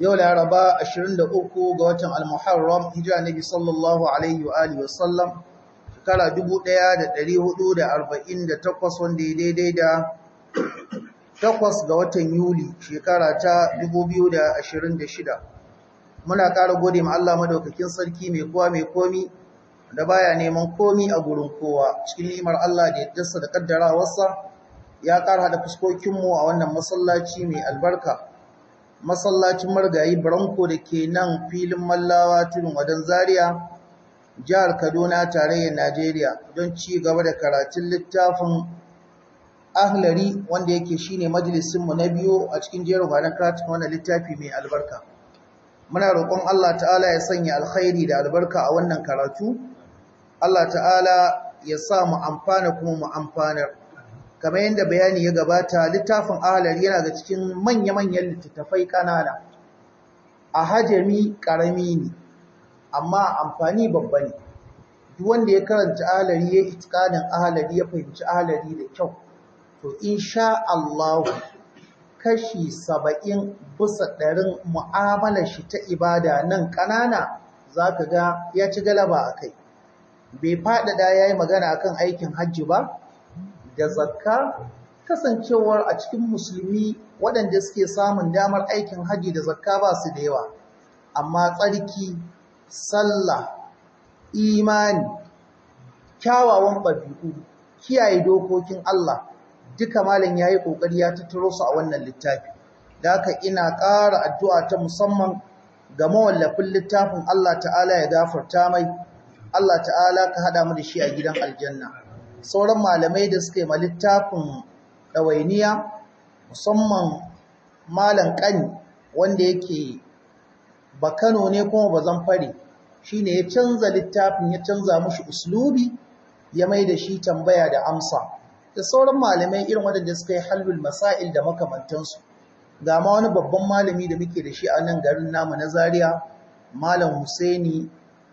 yau laraba 23 ga watan al-muharram hijira nabi sallallahu alaihi wa alihi wasallam kara 1448 wanda ya daidai da 8 ga watan yuli shekara ta 2026 muna kara gode ma Allah madaukakin sarki mai kowa mai komi da baya neman komi a gurin kowa cikin ni'imar Allah da yaddarsa da kaddarawarsa ya ƙara da fuskokinmu a wannan masallaci mai albarka masallacin marigayi, branko da ke nan filin mallawa tudun wadon zaria jihar kaduna tarayyar najeriya don ci gaba da karatun littafin ahlari wanda yake shine majalisinmu na biyu a cikin jerin gwanon karatun wannan littafi mai albarka muna roƙon allah ta'ala ya sanya alkhairi da albarka a wannan karatu allah ta'ala ya sa mu amfana kuma mu amfanar kamar yadda bayani ya gabata littafin ahalari yana ga cikin manya-manyan littattafai kanana a hajjami karami ne amma amfani babba ne duk wanda ya karanta ahalari ya itikanin ahalari ya fahimci ahalari da kyau to insha Allah kashi saba'in busa ɗarin mu'amalar shi ta ibada nan ƙanana za ka ga ya ci galaba a kai bai faɗaɗa ya yi magana akan aikin hajji ba da zakka kasancewar a cikin musulmi waɗanda suke samun damar aikin haji da zakka ba su da yawa amma tsarki sallah imani kyawawan ɓabi'u kiyaye dokokin Allah duka malam yi ƙoƙari ya tattaro su a wannan littafi da aka ina ƙara addu'a ta musamman ga mawallafin littafin Allah ta'ala ya gafarta mai Allah ta'ala ka haɗa mu da shi a gidan aljanna sauran malamai da suka yi littafin ɗawainiya musamman malan ƙani wanda yake ba kano ne kuma ba zan fari shi ne ya canza littafin ya canza mushi uslubi ya mai da shi tambaya da amsa da sauran malamai irin waɗanda suka yi halbul masail da makamantansu ga ma wani babban malami da muke da shi a nan garin namu na Zariya, malam huseini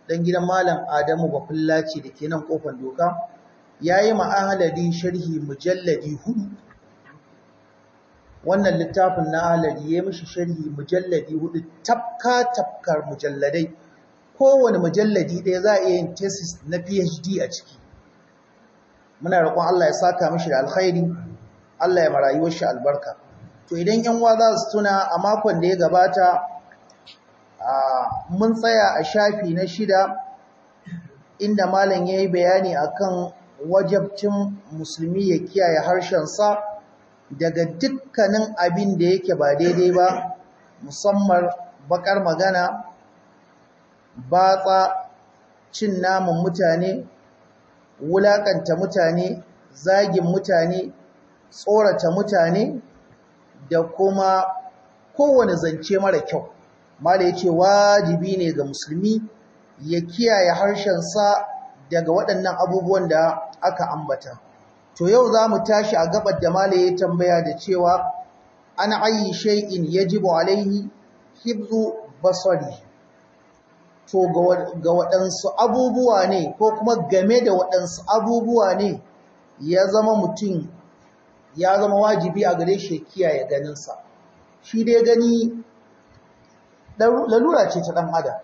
dan gidan malam adamu bafullaci da ke nan kofar doka ya yi ma'ahalari sharhi mujalladi hudu wannan littafin na ahalari ya yi mishi sharhi mujalladi hudu tafka tafkar mujalladai kowane mujalladi ɗaya za a iya yin tesis na phd a ciki muna raƙon allah ya saka mishi da alkhairi allah ya marayuwar shi albarka to idan yan wa za su tuna a makon da ya gabata mun tsaya a shafi na shida inda malam ya yi bayani akan wajabcin musulmi ya kiyaye harshen sa daga dukkanin abin da yake ba daidai ba musamman bakar magana batsa cin naman mutane wulakanta mutane zagin mutane tsorata mutane da kuma kowane zance mara kyau mala yace wajibi ne ga musulmi ya kiyaye harshen sa daga waɗannan abubuwan da aka ambata to yau za mu tashi a gabar da Malam ya tambaya da cewa an ayi shay'in yajibu alaihi hibzu basari to ga waɗansu abubuwa ne ko kuma game da waɗansu abubuwa ne ya zama mutum ya zama wajibi a gare shi kiyaye ganinsa shi dai gani lalura ce ta ɗan adam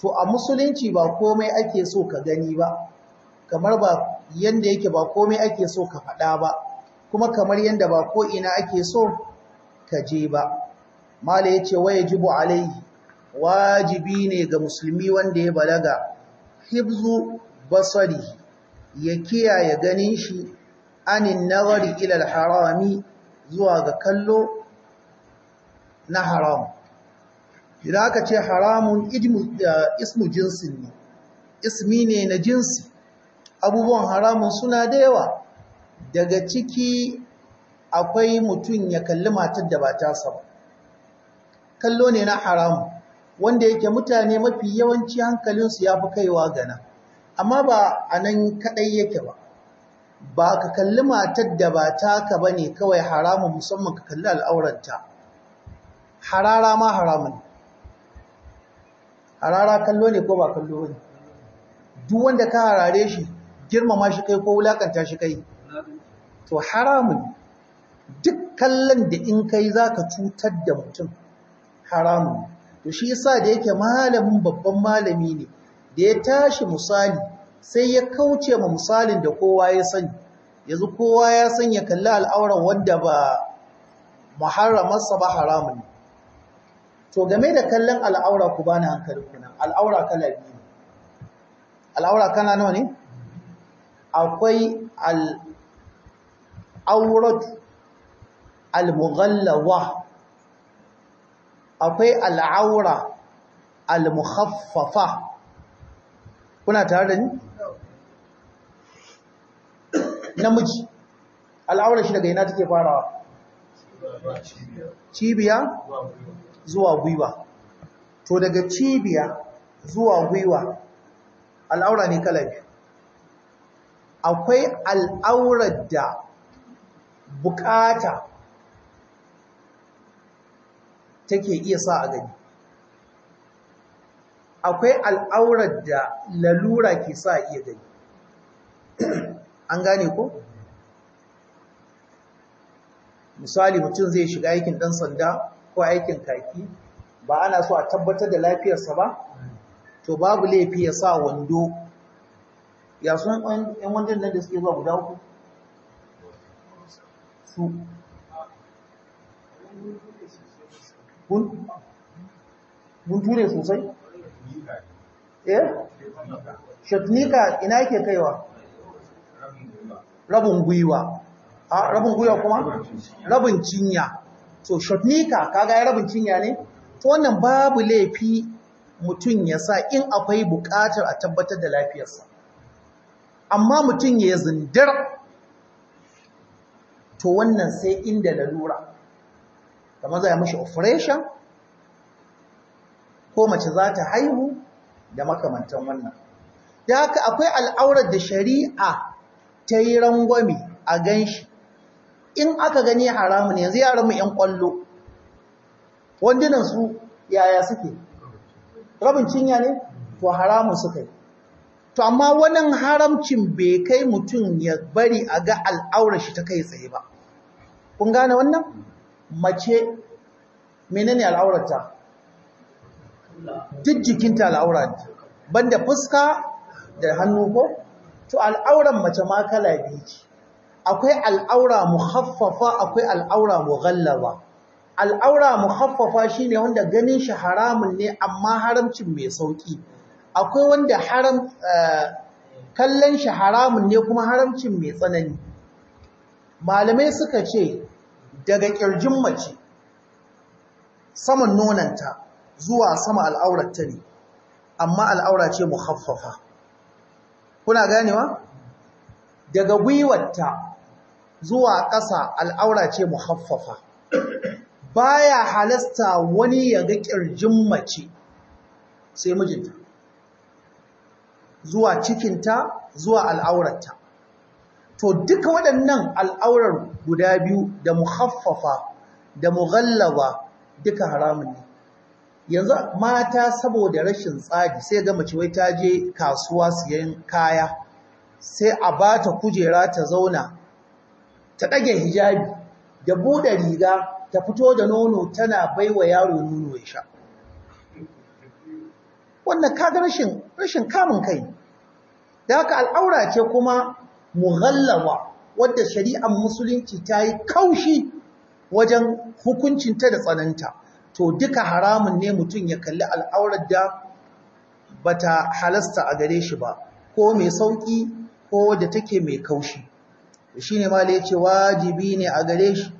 to a musulunci ba komai ake so ka gani ba kamar ba yanda yake ba komai ake so ka faɗa ba kuma kamar yanda ba ko ina ake so ka je ba mala yace wajibu alaihi wajibi ne ga musulmi wanda ya balaga hibzu basari ya kiyaye ganin shi anin nazari ila alharami zuwa ga kallo na haram idan aka ce haramun eh, ismu jinsin ne ismi ne na jinsi abubuwan haramun suna da yawa daga ciki akwai mutum ya kalli matar da ba ta saba. kallo ne na haramun. wanda yake mutane mafi yawanci hankalinsu ya fi kaiwa gana amma ba a nan kaɗai yake ba ba ka kalli matar da ba taka ba ne kawai haramun musamman ka kalli al'auranta harara ma haramun harara kallo ne ko ba kallo ne duk wanda ka harare shi girmama shi kai ko wulakanta shi kai to haramun duk kallon da in kai ka cutar da mutum haramun to shi yasa da yake malamin babban malami ne da ya tashi misali sai ya kauce ma misalin da kowa ya sani yanzu kowa ya san ya kalli al'auran wanda ba muharramarsa ba haramun ne to game da kallon al'aura ku bani hankalin al'aura kala biyu al'aura kana nawa ne akwai al'aurat al-mughallawa akwai al'aura al-mukhaffafa kuna tare da ni namiji al'aura shi daga yana take farawa cibiya zuwa gwiwa to daga cibiya zuwa gwiwa al'aura ne kala biyu akwai al'aurar da bukata take iya sa a gani akwai al'aurar da lalura ke sa iya gani an gane ko? misali mutum zai shiga aikin ɗan sanda ko aikin kaki ba ana so a tabbatar da lafiyarsa ba to babu laifi ya sa wando ya sun yan wajen nan da suke zuwa guda uku su mun ture sosai eh shatnika ina yake kaiwa rabin gwiwa rabin gwiwa kuma rabin cinya so shatnika kaga ya rabin cinya ne to wannan babu laifi mutum ya sa in akwai bukatar a tabbatar da lafiyarsa amma mutum ya zindira, to wannan sai inda lalura kamar za a mashi operation ko mace za ta haihu da makamantan wannan da haka akwai al'aurar da shari'a ta yi rangwami a gan shi. in aka gani haramun yanzu yaran mu 'yan kwallo wandunan su yaya suke rabin cinya ne to haramun suka yi to amma wannan haramcin bai kai mutum ya bari a ga al'aurar shi ta kai tsaye ba kun gane wannan mace menene al'aurata? duk jikinta al'aura ne banda fuska da hannu ko to al'auran mace ma kala biyu akwai al'aura haffafa, akwai al'aura mughallaba al'aura muhaffafa shine wanda ganin shi haramun ne amma haramcin mai sauƙi. akwai wanda haram eh, kallon shi haramun ne kuma haramcin mai tsanani malamai suka ce daga kirjin mace saman nonanta zuwa sama al'auratta ne amma al'aura ce mu haffafa. kuna ganewa daga gwiwarta zuwa ƙasa al'aura ce mu haffafa. Ba ya halasta wani yaga ga kirjin mace sai mijinta zuwa cikinta zuwa al'aurarta to duka waɗannan al'aurar guda biyu da mu haffafa da mu gallaba duka haramun ne yanzu mata saboda rashin tsari sai ga mace wai ta je kasuwa siyan kaya sai a ba ta kujera ta zauna ta ɗage hijabi da buɗe riga ta fito da nono tana baiwa yaro nono ya sha wannan kaga rashin rashin kamun kai da haka al'aura ce kuma mughallaba wadda shari'ar musulunci ta yi kaushi wajen hukuncinta da tsananta to duka haramun ne mutum ya kalli al'aurar da bata halasta a gare shi ba ko mai sauki ko da take mai kaushi shi ne mala ya ce wajibi ne a gare shi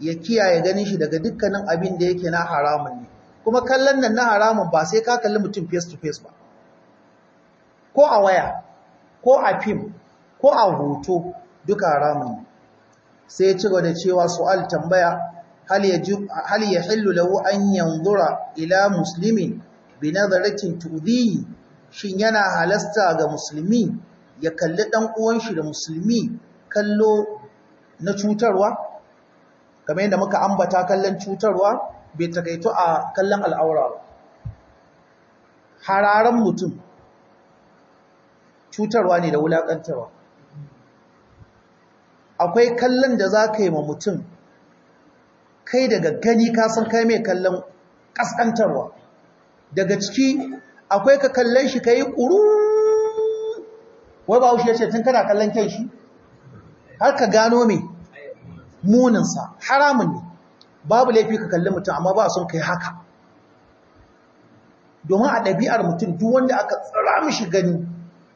ya kiyaye ganin shi daga dukkanin abin da yake na haramun ne kuma kallon nan na haramun ba sai ka kalli mutum face to face ba ko a waya ko a fim ko a hoto duka haramun sai ya ci gaba da cewa su'al tambaya hal ya hillu lahu an yanzura ila muslimin bi nazaratin shin yana halasta ga musulmi ya kalli dan uwan shi da musulmi kallo na cutarwa kamar yadda muka ambata kallon cutarwa bai takaito a kallon al'aura ba hararen mutum cutarwa ne da wulaƙantarwa akwai kallon da za ka yi ma mutum kai daga gani kasan kai mai kallon ƙasƙantarwa daga ciki akwai ka kallon shi ka yi ƙuru wai ba haushe ce tun kana kallon kyan shi har ka gano mai muninsa haramun ne babu laifi ka kalli mutum amma ba son kai haka domin a ɗabi'ar mutum duk wanda aka tsira mishi gani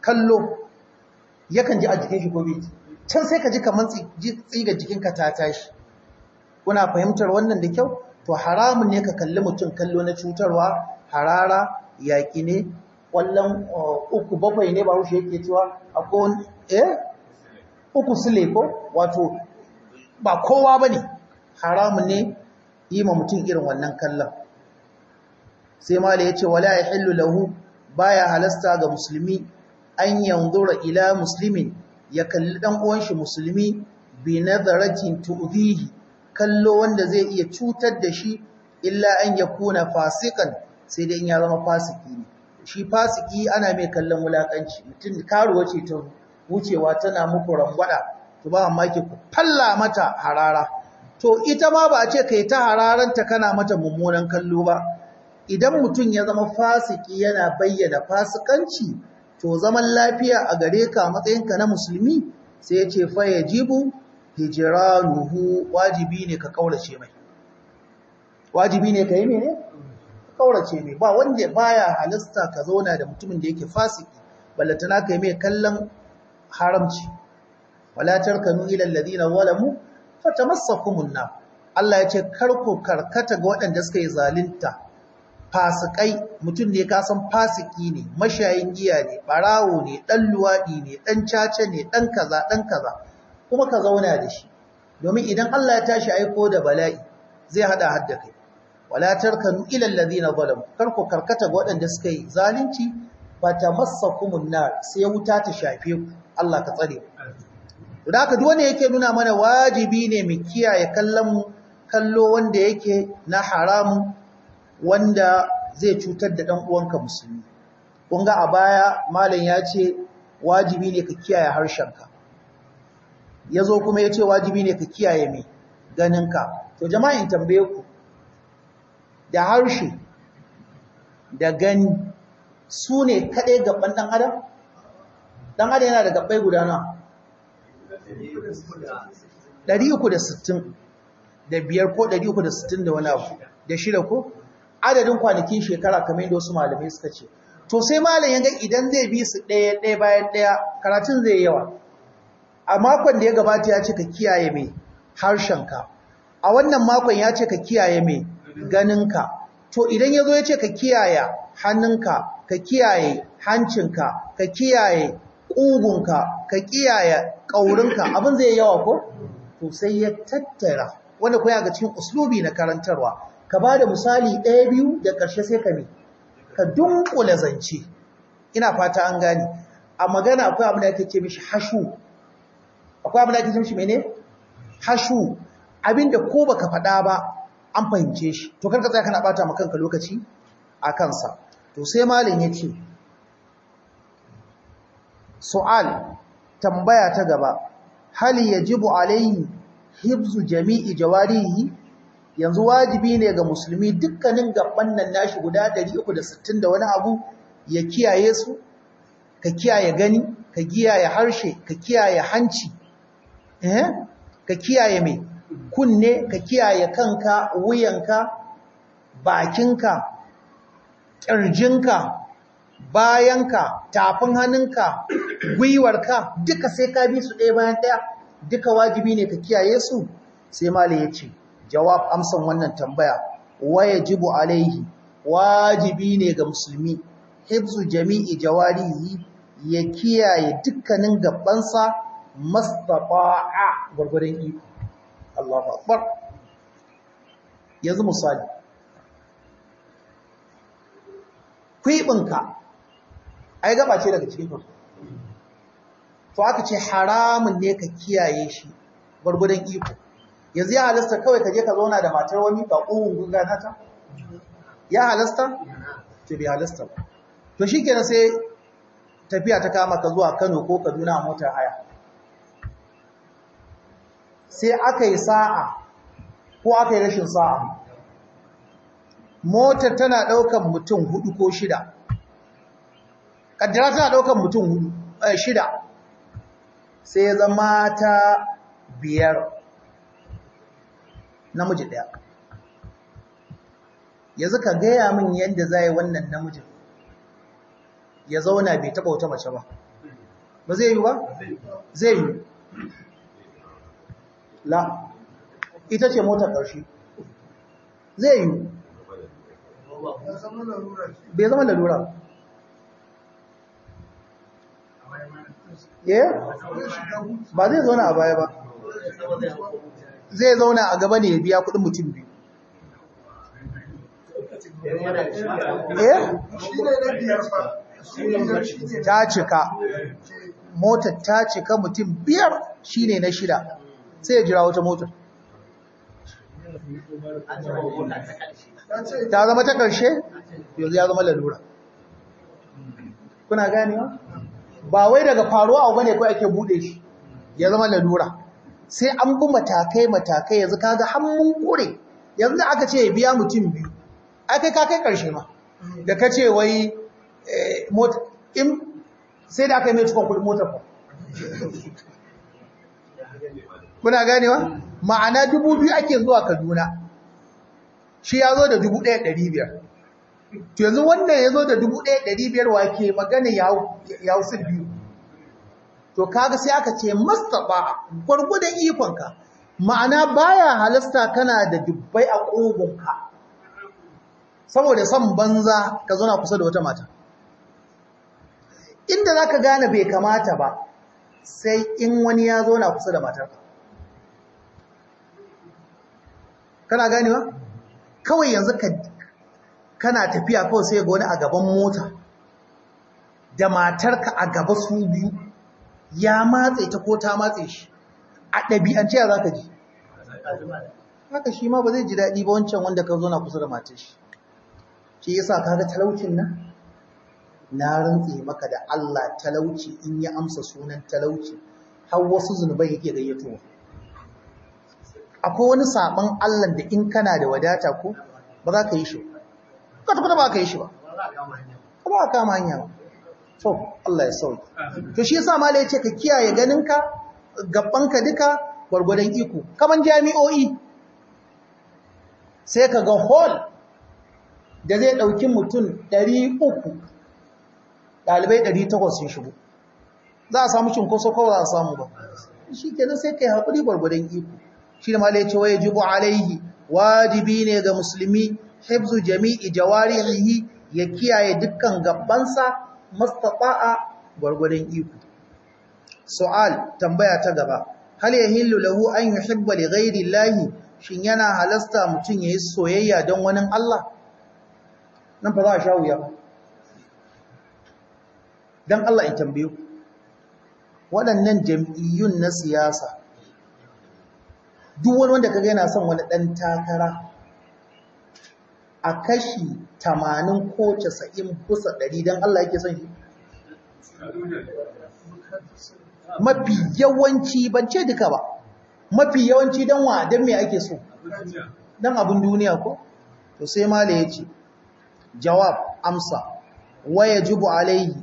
kallo yakan ji a jikin shi gobe can sai ka ji kamar tsiga ka ta tashi kuna fahimtar wannan da kyau to haramun ne ka kalli mutum kallo na cutarwa harara yaƙi ne ƙwallon uh, uku bakwai ne ba rushe yake cewa a kowane eh uku sile, ko wato ba kowa ba ne haramun ne yi ma mutum irin wannan kallon sai mala ya ce wala ya hillu lahu ya halasta ga musulmi an yanzura ila Musulmin, ya kalli ɗan uwan shi musulmi bi nazaratin tu'dhihi kallo wanda zai iya cutar da shi illa an ya kuna fasikan sai dai ya zama fasiki ne shi fasiki ana mai kallon wulakanci mutum karuwa ce ta wucewa tana muku rangwada to ba mamaki ku falla mata harara to ita ma ba a ce kai ta hararanta kana mata mummunan kallo ba idan mutum ya zama fasiki yana bayyana fasikanci to zaman lafiya a gare ka matsayinka na musulmi sai ya ce fa yajibu hijranuhu wajibi ne ka kaurace mai wajibi ne ka yi mene kaurace mai ba wanda baya halasta ka zauna da mutumin da yake fasiki ballatana ka yi mai kallon haramci wala tarkanu ila alladhina zalamu fata fatamassakumun nar Allah ya ce karku karkata ga waɗanda suka yi zalunta fasikai mutum ne kasan fasiki ne mashayin giya ne ɓarawo ne ɗan luwaɗi ne ɗan caca ne ɗan kaza ɗan kaza kuma ka zauna da shi domin idan Allah ya tashi aiko da bala'i zai hada hadda kai wala tarkanu ila alladhina zalamu karku karkata ga waɗanda suka yi zalunci kumun nar sai wuta ta shafe ku Allah ka tsare ku da haka duk wanda yake nuna mana wajibi ne mu kiyaye kallon kallo wanda yake na haramu wanda zai cutar da dan uwanka musulmi kun a baya malam ya ce wajibi ne ka kiyaye harshenka yazo kuma ya ce wajibi ne ka kiyaye me ka, to jama'in tambaye ku da harshe da gani su ne kaɗai gaban ɗan adam? yana da gaɓai gudana 360 ko 360 da wani abu da shida ko adadin kwanakin shekara kamar yadda wasu malamai suka ce to sai malam ya ga idan zai bi su ɗaya ɗaya bayan ɗaya karatun zai yawa a makon da ya gabata ya ce ka kiyaye mai harshenka a wannan makon ya ce ka kiyaye mai ka, to idan ya zo ya ce ka kiyaye hannunka ka kiyaye hancinka ka kiyaye ƙugunka ka kiyaye ƙaurinka abin zai yawa ko to sai ya tattara wanda koya ga cikin uslubi na karantarwa ka ba da misali ɗaya biyu da ƙarshe sai ka ne ka dunkula zance ina fata an gani a magana akwai abin da ake ce mishi hashu akwai abin da ake ce mishi mene hashu abin da ko baka faɗa ba an fahimce shi to karka tsaya kana ɓata makanka lokaci a kansa to sai malin ya ce su'al tambaya ta gaba ya yajibu alayhi hibzu jami'i jawarihi yanzu wajibi ne ga musulmi dukkanin gaban nan nashi guda 360 da wani abu ya kiyaye su ka kiyaye gani ka kiyaye harshe ka kiyaye hanci eh ka kiyaye mai kunne ka kiyaye kanka wuyanka bakinka ƙirjinka bayanka tafin hannunka gwiwarka duka sai ka bi su ɗaya bayan ɗaya duka wajibi ne ka kiyaye su sai mali ya ce jawab amsan wannan tambaya waya jibu alaihi wajibi ne ga musulmi hibzu jami'i jawarihi ya kiyaye dukkanin gabansa a gwargwaron iko Allahu akbar yanzu misali kwibinka ai gaba ce daga cikin huruf to aka ce haramun ne ka kiyaye shi gwargwadon iko yanzu ya halasta kawai ka je ka zauna da matar wani ka ƙuhun gunga ta ya halasta To bai halasta ba to shi kenan sai tafiya ta kama ka zuwa kano ko kaduna a motar haya sai aka yi sa'a ko aka yi rashin sa'a motar tana ɗaukan mutum hudu ko shida kaddara suna ɗaukar mutum eh, shida sai ya zama ta biyar namiji ɗaya yanzu ka gaya min yadda za yi wannan namijin ya zauna bai taɓa wata mace ba ba zai yi ba? zai yi la ita ce motar ƙarshe zai yi bai zama lalura Eh? ba zai zauna a baya ba zai zauna a gaba ne biya kudin mutum biyu eh? ta cika motar ta cika mutum biyar shine na shida sai ya jira wata motar ta zama ta karshe yanzu ya zama lalura kuna wa? ba wai daga faruwa abu ne kawai ake bude shi ya zama lalura sai an bi matakai matakai yanzu kaga hannun kure yanzu aka ce ya biya mutum biyu aka ka kai karshe ma da ka ce wai eh, mota in sai da aka yi mai cikon kudin motar fa kuna ganewa ma'ana dubu biyu ake zuwa kaduna shi ya zo da dubu ɗaya ɗari biyar to yanzu wannan ya zo da 1500 wake magana ya hau biyu to kaga sai aka ce mastaba gwargwadon ikonka ma'ana baya halasta kana da dubbai a ƙogonka, saboda son banza ka zauna kusa da wata mata inda za ka gane bai kamata ba sai in wani ya zo na kusa da matarka kana ganewa kawai yanzu ka kana tafiya kawai sai ga wani a gaban mota da matarka a gaba su biyu ya matse ta ko ta matse shi a ɗabi'ance ya za ji haka shi ma ba zai ji daɗi ba wancan wanda ka zo na kusa da matar shi ke yasa kaga talaucin nan na rantse maka da Allah talauci in ya amsa sunan talauci har wasu zunubai yake gayyato akwai wani saban Allah da in kana da wadata ko ba za ka yi shi ba kwata-kwata ba aka yi shi ba ba kama hanya ba to Allah ya sauki to shi yasa malai ce ka kiyaye ganinka gabbanka duka gwargwadon iko kaman jami'o'i sai ka ga hall da zai dauki mutum 300 dalibai 800 sun shigo za a samu cinkoso kawai za a samu ba shi kenan sai ka yi haƙuri gwargwadon iko shi da malai yace wajibu alaihi wajibi ne ga musulmi hifzu jami'i jawarihi ya kiyaye dukkan gabansa mustafa'a gwargwadon iko su'al tambaya ta gaba hal yahillu lahu an yuhibba li ghairi llahi shin yana halasta mutun yayi soyayya don wani Allah nan fa za a sha wuya dan Allah in tambayo waɗannan jam'iyyun na siyasa duk wani wanda kaga yana son wani dan takara a kashi tamanin ko casa'in kusa ɗari don Allah yake son shi? Mafi yawanci ban ce duka ba, mafi yawanci don wa don me ake so? Don abin duniya ko? To sai mala ya ce, jawab amsa, waya jubu alaihi,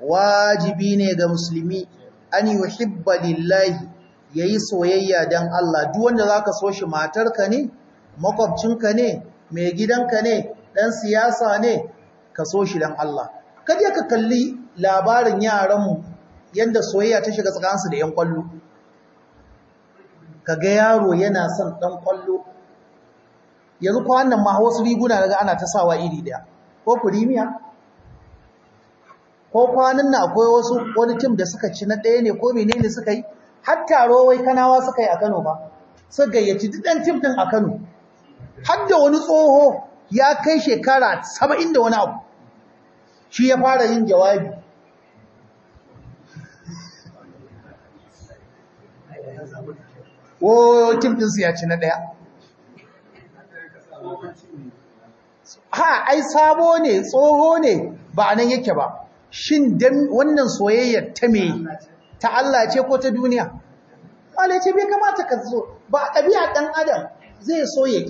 wajibi ne ga musulmi, an yi wahibba lillahi ya yi soyayya don Allah, duk wanda za ka so shi matarka ne, makwabcinka ne, mai gidanka ne ɗan siyasa ne ka so shi don Allah kada ka kalli labarin yaranmu yadda soyayya ta shiga tsakansu da 'yan kwallo ka ga yaro yana son ɗan kwallo yanzu wannan ma wasu riguna daga ana ta sawa iri ɗaya ko firimiya ko kwanan na akwai wasu wani tim da suka ci na ɗaya ne ko menene suka yi har taro wai kanawa suka yi a kano ba su gayyaci duk ɗan tim ɗin a kano hadda wani tsoho ya kai shekara saba'in da wani abu shi ya fara yin jawabi ya ci na ɗaya ha ai sabo ne tsoho ne ba a nan yake ba shin wannan soyayyar ta me ta Allah ce ko ta duniya? wale ce bai kamata ka zo ba ɗabi'a ɗan adam zai so ya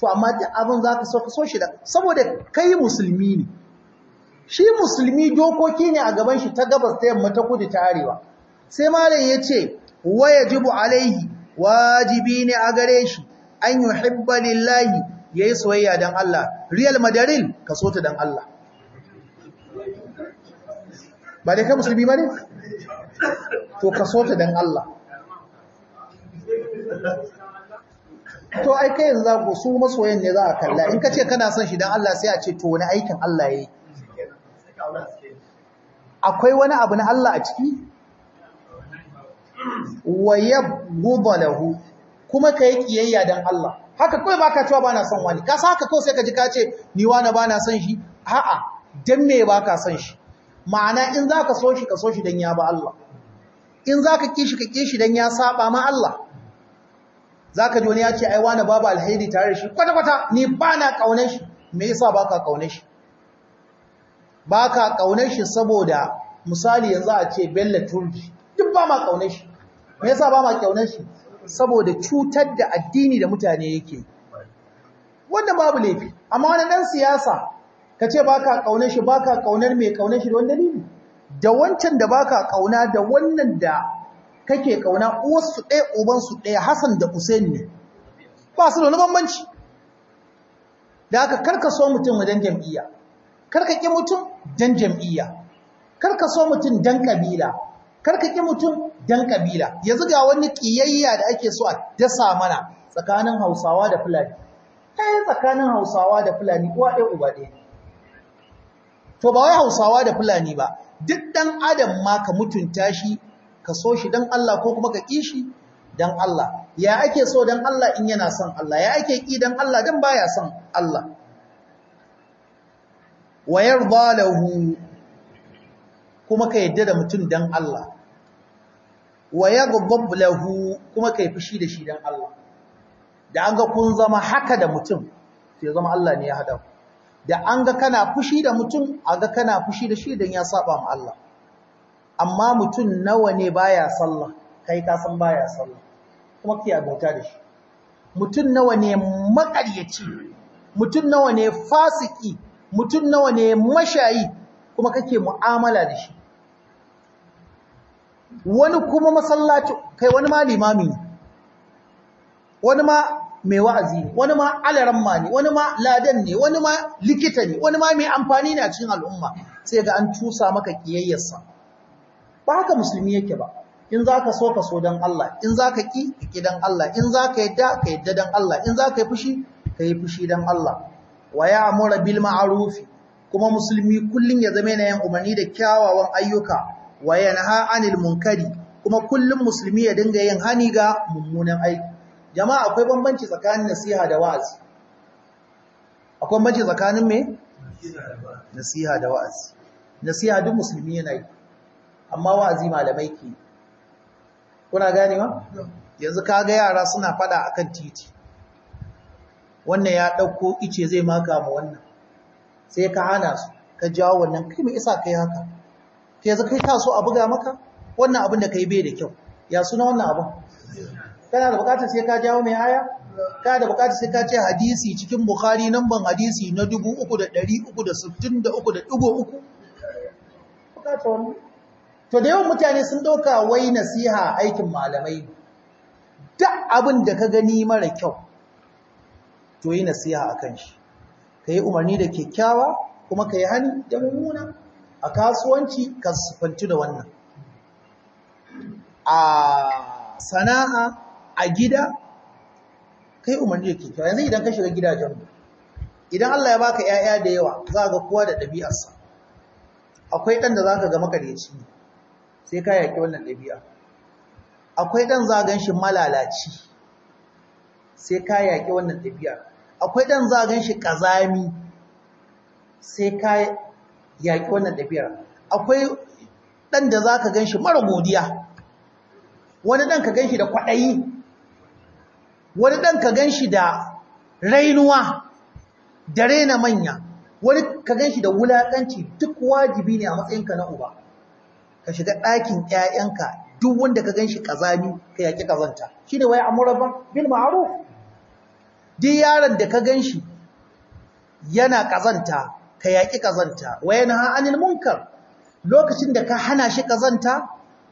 to amma da abin za ka so ka shi da saboda kai musulmi ne shi musulmi dokoki ne a gaban shi ta gabas ta yamma ta kudu ta arewa sai malam ya ce wayajibu alaihi wajibi ne a gare shi an yuhibba lillahi yayi soyayya dan Allah real madarin ka so ta dan Allah ba dai kai musulmi ba ne to ka so ta dan Allah to ai kai yanzu za ku su masoyan ne za a kalla in ka ce kana son shi dan Allah sai a ce to wani aikin Allah yayi akwai wani abu na Allah a ciki wa yabghudha kuma ka yi kiyayya dan Allah haka kawai baka cewa bana son wani ka sa haka kawai sai ka ji ka ce ni wani bana son shi a'a dan me baka son shi ma'ana in zaka so shi ka so shi dan ya ba Allah in zaka kishi ka kishi dan ya saba ma Allah za ka ji wani ya ce aiwa na babu alheri tare da shi kwata-kwata ni ba na ƙaunar shi me yasa ba ka ƙaunar shi ba ka ƙaunar shi saboda misali yanzu a ce bella turji duk ba ma ƙaunar shi me yasa ba ma ƙaunar shi saboda cutar da addini da mutane yake wanda babu laifi amma wani ɗan siyasa ka ce ba ka ƙaunar shi ba ka ƙaunar mai ƙaunar shi da wani dalili da wancan da ba ka ƙauna da wannan da kake kauna uwarsu ɗaya ubansu ɗaya Hassan da Hussein ne ba su da wani bambanci da aka karka so mutum wajen jam'iyya karka ki mutum don jam'iyya karka so mutum don ƙabila karka ki mutum don ƙabila, ya ga wani ƙiyayya da ake so a dasa mana tsakanin Hausawa da Fulani Ta yi tsakanin Hausawa da Fulani uwa ɗaya uba ɗaya to ba wai Hausawa da Fulani ba duk ɗan adam ma ka mutunta shi ka so shi dan Allah ko kuma ka ƙi shi dan Allah ya ake so dan Allah in yana son Allah ya ake ƙi dan Allah dan baya son Allah wa yarda lahu kuma ka yadda da mutum dan Allah wa yaghdab lahu kuma ka yi fushi da shi dan Allah da an ga kun zama haka da mutum sai zama Allah ne ya hada ku da an ga kana fushi da mutum a ga kana fushi da shi don ya saba ma Allah amma mutum nawa ne baya sallah kai ka san baya sallah kuma kiyar bauta da shi mutum nawa ne makaryaci mutum nawa ne fasiki mutum nawa ne mashayi kuma kake mu'amala da shi wani kuma masallaci kai wani ma limami wani ma mai wa'azi ne wani ma alaramma ne wani ma ladan ne wani ma likita ne wani ma mai amfani ne a cikin al'umma sai ga an cusa maka ƙiyayyarsa. ba ka musulmi yake ba in za ka so ka so don Allah in za ka ƙi ƙi don Allah in za ka yadda ka yadda don Allah in za ka yi fushi ka yi fushi don Allah wa ya amura bil ma'arufi kuma musulmi kullum ya zama yana yin umarni da kyawawan ayyuka wa ya naha anil munkari kuma kullum musulmi ya dinga yin hani ga mummunan aiki jama'a akwai bambanci tsakanin nasiha da wa'azi akwai bambanci tsakanin me nasiha da wa'azi nasiha duk musulmi yana yi amma wa'azi malamai ke kuna gane ma? yanzu ka ga yara suna fada akan titi wannan ya dauko ice zai maka mu wannan sai ka hana su ka jawo wannan kai mai isa kai haka Ka yanzu kai taso a buga maka wannan abin da kai bai da kyau ya suna wannan abin kana da bukatar sai ka jawo mai aya kana da bukatar sai ka ce hadisi cikin bukhari namban hadisi na 3363.3 bukatar wannan to da yawan mutane sun ɗauka wai nasiha aikin malamai duk abin da ka gani mara kyau to yi nasiha a kan shi ka yi umarni da kyakkyawa kuma ka yi hani da mummuna a kasuwanci ka sufanci da wannan a sana'a a gida ka yi umarni da kyakkyawa yanzu idan ka shiga gidajen idan Allah ya baka 'ya'ya da yawa za ga kowa da ɗabi'arsa akwai ɗan da za ka ga shi ne sai ka yaƙi wannan ɗabi'a akwai ɗan zagan shi malalaci sai ka yaƙi wannan ɗabi'a akwai ɗan zagan shi ƙazami sai ka yaƙi wannan ɗabi'ar akwai ɗan da za ka gan shi mara godiya wani ɗan ka gan shi da kwaɗayi wani ɗan ka gan shi da rainuwa da raina manya wani ka gan shi da wulaƙanci duk wajibi ne a matsayinka na uba ka shiga ɗakin ‘ya'yanka duk wanda ka gan shi ƙazami ka yaƙi ƙazanta shi ne wai amura ba bil ma'aruf duk yaron da ka gan shi yana ƙazanta ka yaƙi ƙazanta wai na ha'anin munkar lokacin da ka hana shi ƙazanta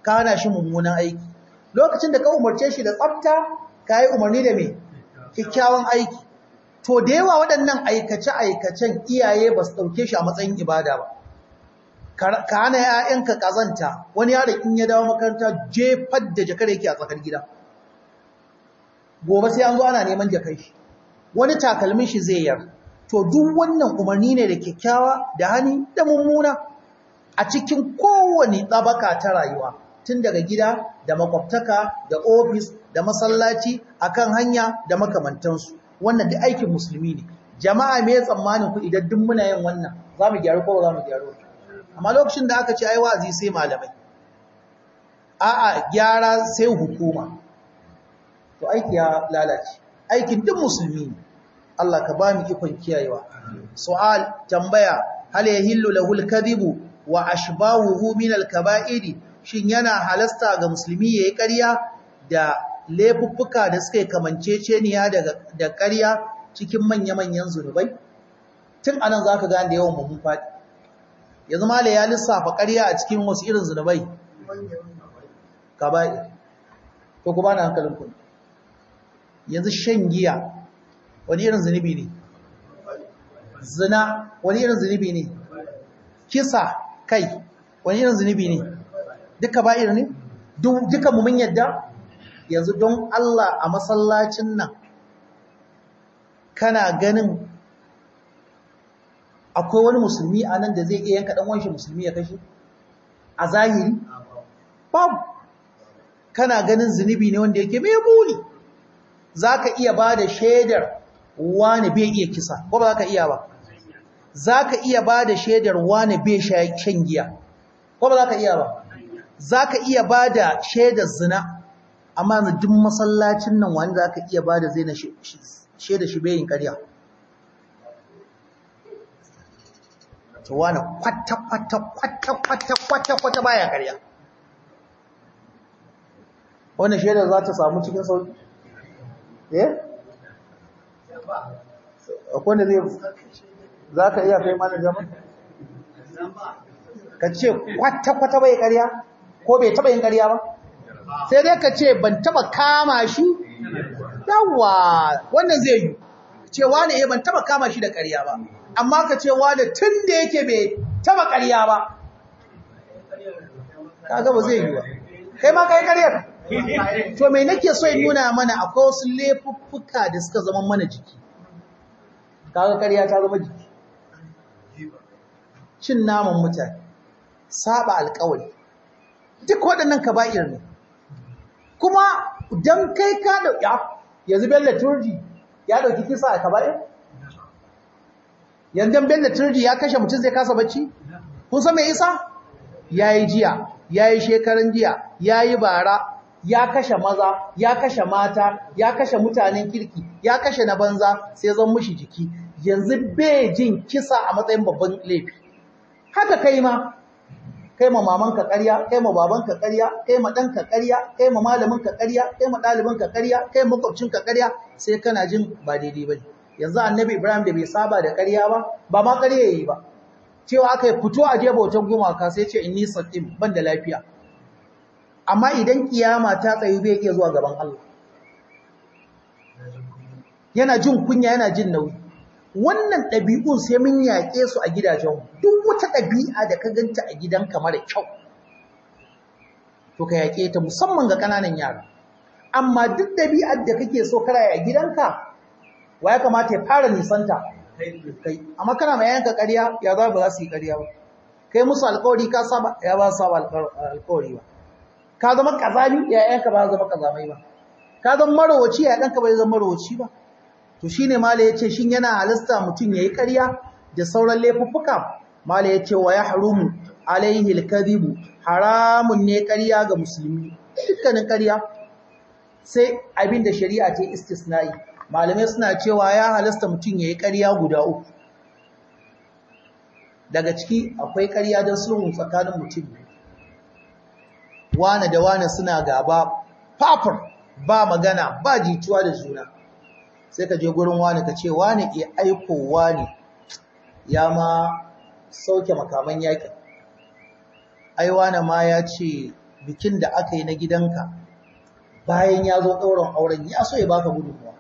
ka hana shi mummunan aiki lokacin da ka umarce shi da tsafta ka yi umarni da mai kyakkyawan aiki to da yawa waɗannan aikace-aikacen iyaye ba su ɗauke shi a matsayin ibada ba ka hana ‘ya'yanka ƙazanta wani yaro in ya dawo makaranta jefar da jakar yake a tsakar gida gobe sai an zo ana neman jakar shi wani takalmin shi zai yar to duk wannan umarni ne da kyakkyawa da hani da mummuna a cikin kowane tsabaka ta rayuwa tun daga gida da makwabtaka da ofis da masallaci akan hanya da makamantansu wannan da aikin musulmi ne jama'a me tsammanin ku idan duk muna yin wannan za mu gyaru ko ba za mu gyaru amma lokacin da aka ce ai wazi sai malamai a'a gyara sai hukuma to aiki ya lalace aikin duk musulmi ne Allah ka ba mu ikon kiyayewa su'al tambaya hal yahillu lahu kadhibu wa ashbahuhu min al-kaba'iri shin yana halasta ga musulmi yayi ƙarya da laifuffuka da suka kamanceceniya daga da ƙarya cikin manya-manyan zunubai tun anan zaka ga da yawan mun fadi yanzu mala ya lissafa ƙarya a cikin wasu irin zunubai kaba'i ko ku na hankalin ku yanzu shan giya wani irin zunubi ne zina wani irin zunubi ne kisa kai wani irin zunubi ne duka ba'ir ne duka mu mun yadda yanzu don Allah a masallacin nan kana ganin akwai wani musulmi a nan da zai iya yanka ɗan wanshi musulmi ya kashe a zahiri babu kana ganin zunubi ne wanda yake mai muni za ka iya ba da shaidar wani bai iya kisa ko ba za ka iya ba za ka iya ba da shaidar wani bai shan giya ko ba za ka iya ba za ka iya ba da shaidar zina amma na duk masallacin nan wani za ka iya ba da zai na shaidar shi bai yin karya to wani kwata kwata kwata kwata kwata kwata baya karya Wani shaidar za ta samu cikin sauki eh akwai da zai za ka iya kai mana jama ka ce kwata kwata bai karya ko bai taba yin karya ba sai dai ka ce ban taba kama shi yawa wannan zai yi cewa ne eh, ban taba kama shi da karya ba amma ka ce da tun da yake bai taba ƙarya ba ta ba zai yi ba kai ma kai ƙaryar to me nake so in nuna mana akwai wasu laifuffuka da suka zama mana jiki kaga ƙarya ta zama jiki cin naman mutane saba alƙawari duk waɗannan kaba'ir ne kuma don kai ka ɗauki yanzu bello turji ya ɗauki kisa a kaba'ir yanzu bello turji ya kashe mutum zai kasa bacci kun san mai isa yayi jiya yayi shekaran jiya yayi bara ya kashe maza ya kashe mata ya kashe mutanen kirki ya kashe na banza sai zan mushi jiki yanzu bai jin kisa a matsayin babban laifi haka kai ma kai ma maman ka ƙarya kai ma baban ka karya, kai ma ka ƙarya kai ma malamin ka karya, kai ma ka karya, kai ma ka karya, sai kana jin ba daidai bane yanzu annabi ibrahim da bai saba da ƙarya ba ba ma ƙarya yi ba cewa aka yi fito a jeba wutan gumaka sai ce inni saqim ban da lafiya amma idan kiyama ta tsayu bai iya zuwa gaban Allah yana jin kunya yana jin nauyi wannan ɗabi'un sai mun yaƙe su a gidajen duk wata ɗabi'a da ka ganta a gidanka mara kyau to ka yaƙe ta musamman ga ƙananan yara amma duk ɗabi'ar da kake so karaya a gidanka wa ya kamata ya fara nisanta kai amma kana mai yanka ƙarya ya za ba za su yi ƙarya ba kai musu alƙawari ka saba ya ba saba alƙawari ba ka zama kazami ya yanka ba zama kazamai ba ka zama marowaci ya ɗanka ba zama marowaci ba to shine mala yace shin yana halasta mutum yayi ƙarya da sauran laifuffuka mala yace wa yahrumu alaihi alkadibu haramun ne ƙarya ga musulmi dukkanin ƙarya sai abinda shari'a ce istisnai malamai suna cewa ya halasta mutum ya yi ƙarya guda uku daga ciki akwai ƙarya don sulhu tsakanin mutum wane da wane suna gaba fafar ba magana ba jituwa da juna sai ka je gurin wane ka ce wane ke aiko wane ya ma sauke makaman yaƙi ai wane ma ya ce bikin da aka yi na gidanka bayan ya zo ɗaurin auren ya so ya baka gudunmuwa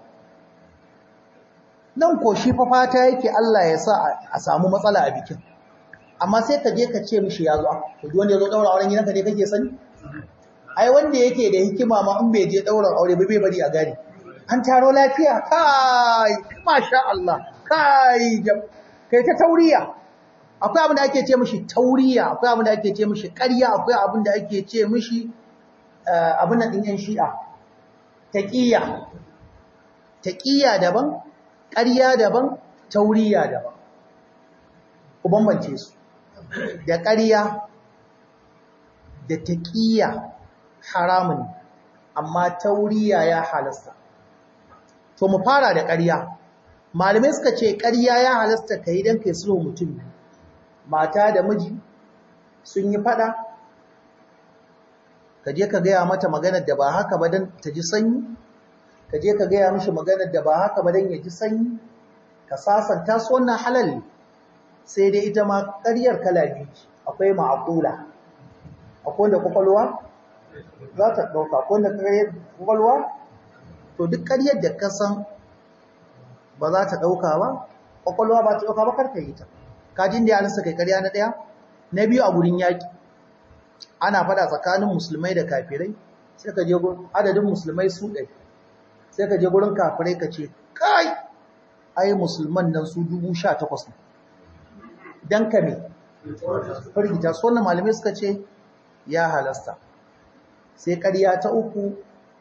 nan ko shi fa fata yake Allah ya sa a samu matsala a bikin amma sai ka je ka ce mishi ya zo ah, ku ji wanda ya zo daura auren ka ne kake sani ai wanda yake da hikima ma in bai je daura aure ba bai bari a gari an taro lafiya kai masha Allah kai kai ta tauriya akwai abin da ake ce mishi tauriya akwai abin da ake ce mishi ƙarya akwai abin da ake ce mishi eh, abin nan din yan shi'a taqiya taqiya daban ƙarya daban tauriya daban ku bambance su da ƙarya da taƙiya haramun amma tauriya ya halasta to mu fara da ƙarya malamai suka ce ƙarya ya halasta ka yi don kai sulhu mutum mata da miji sun yi fada ka je ka gaya mata maganar da ba haka ba don ta ji sanyi ka je ka gaya mishi maganar da ba haka ba dan ya ji sanyi ka sasanta su wannan halal sai dai ita ma ƙaryar kala biyu akwai ma'aqula akwai wanda kwakwalwa za ta ɗauka akwai wanda kwakwalwa to duk ƙaryar da ka san ba za ta ɗauka ba kwakwalwa ba ta ɗauka ba karka yi ta kajin da ya nasa kai ƙarya na ɗaya na biyu a gurin yaƙi ana faɗa tsakanin musulmai da kafirai sai ka je adadin musulmai su ɗari sai ka je gurin kafirai ka ce kai ai musulman nan su dubu sha ne don ka ne firgita su wannan malamai suka ce ya halasta sai ƙarya ta uku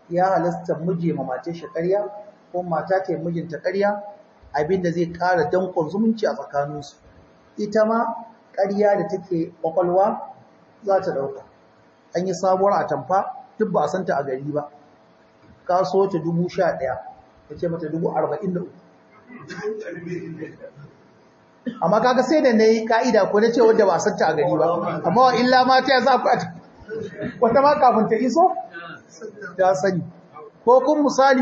ya halasta miji ma mace shi ƙarya ko mata ta mijinta ƙarya abinda zai ƙara dankon zumunci a tsakaninsu ita ma ƙarya da take ƙwaƙwalwa za ta ɗauka an yi sabuwar atamfa duk ba a santa a gari ba ka so ta dubu sha ɗaya ta ce mata dubu arba'in da uku amma kaga sai da na yi ka'ida ko na ce wadda ba santa a gari ba amma wa illa ma ta za ku wata ma kafin ta iso ta sani ko kun misali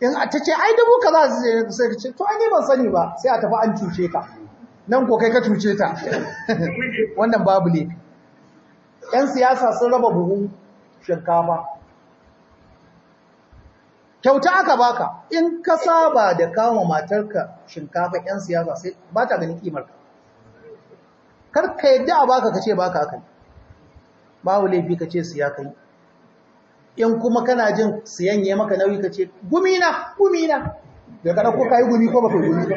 in a ta ce ai dubu ka za su ce sai ce to ai ban sani ba sai a tafi an cuce ka nan ko kai ka cuce ta wannan babu ne 'yan siyasa sun raba buhu shinkafa kyauta aka baka in ka saba da kama matarka shinkafa 'yan siyasa sai ba ta ganin ka kar ka yadda a baka ka ce baka akan. babu laifi ka ce siya kai in kuma kana jin siyan ya maka nauyi ka ce gumina gumina da kada ko kai gumi ko baka gumi ba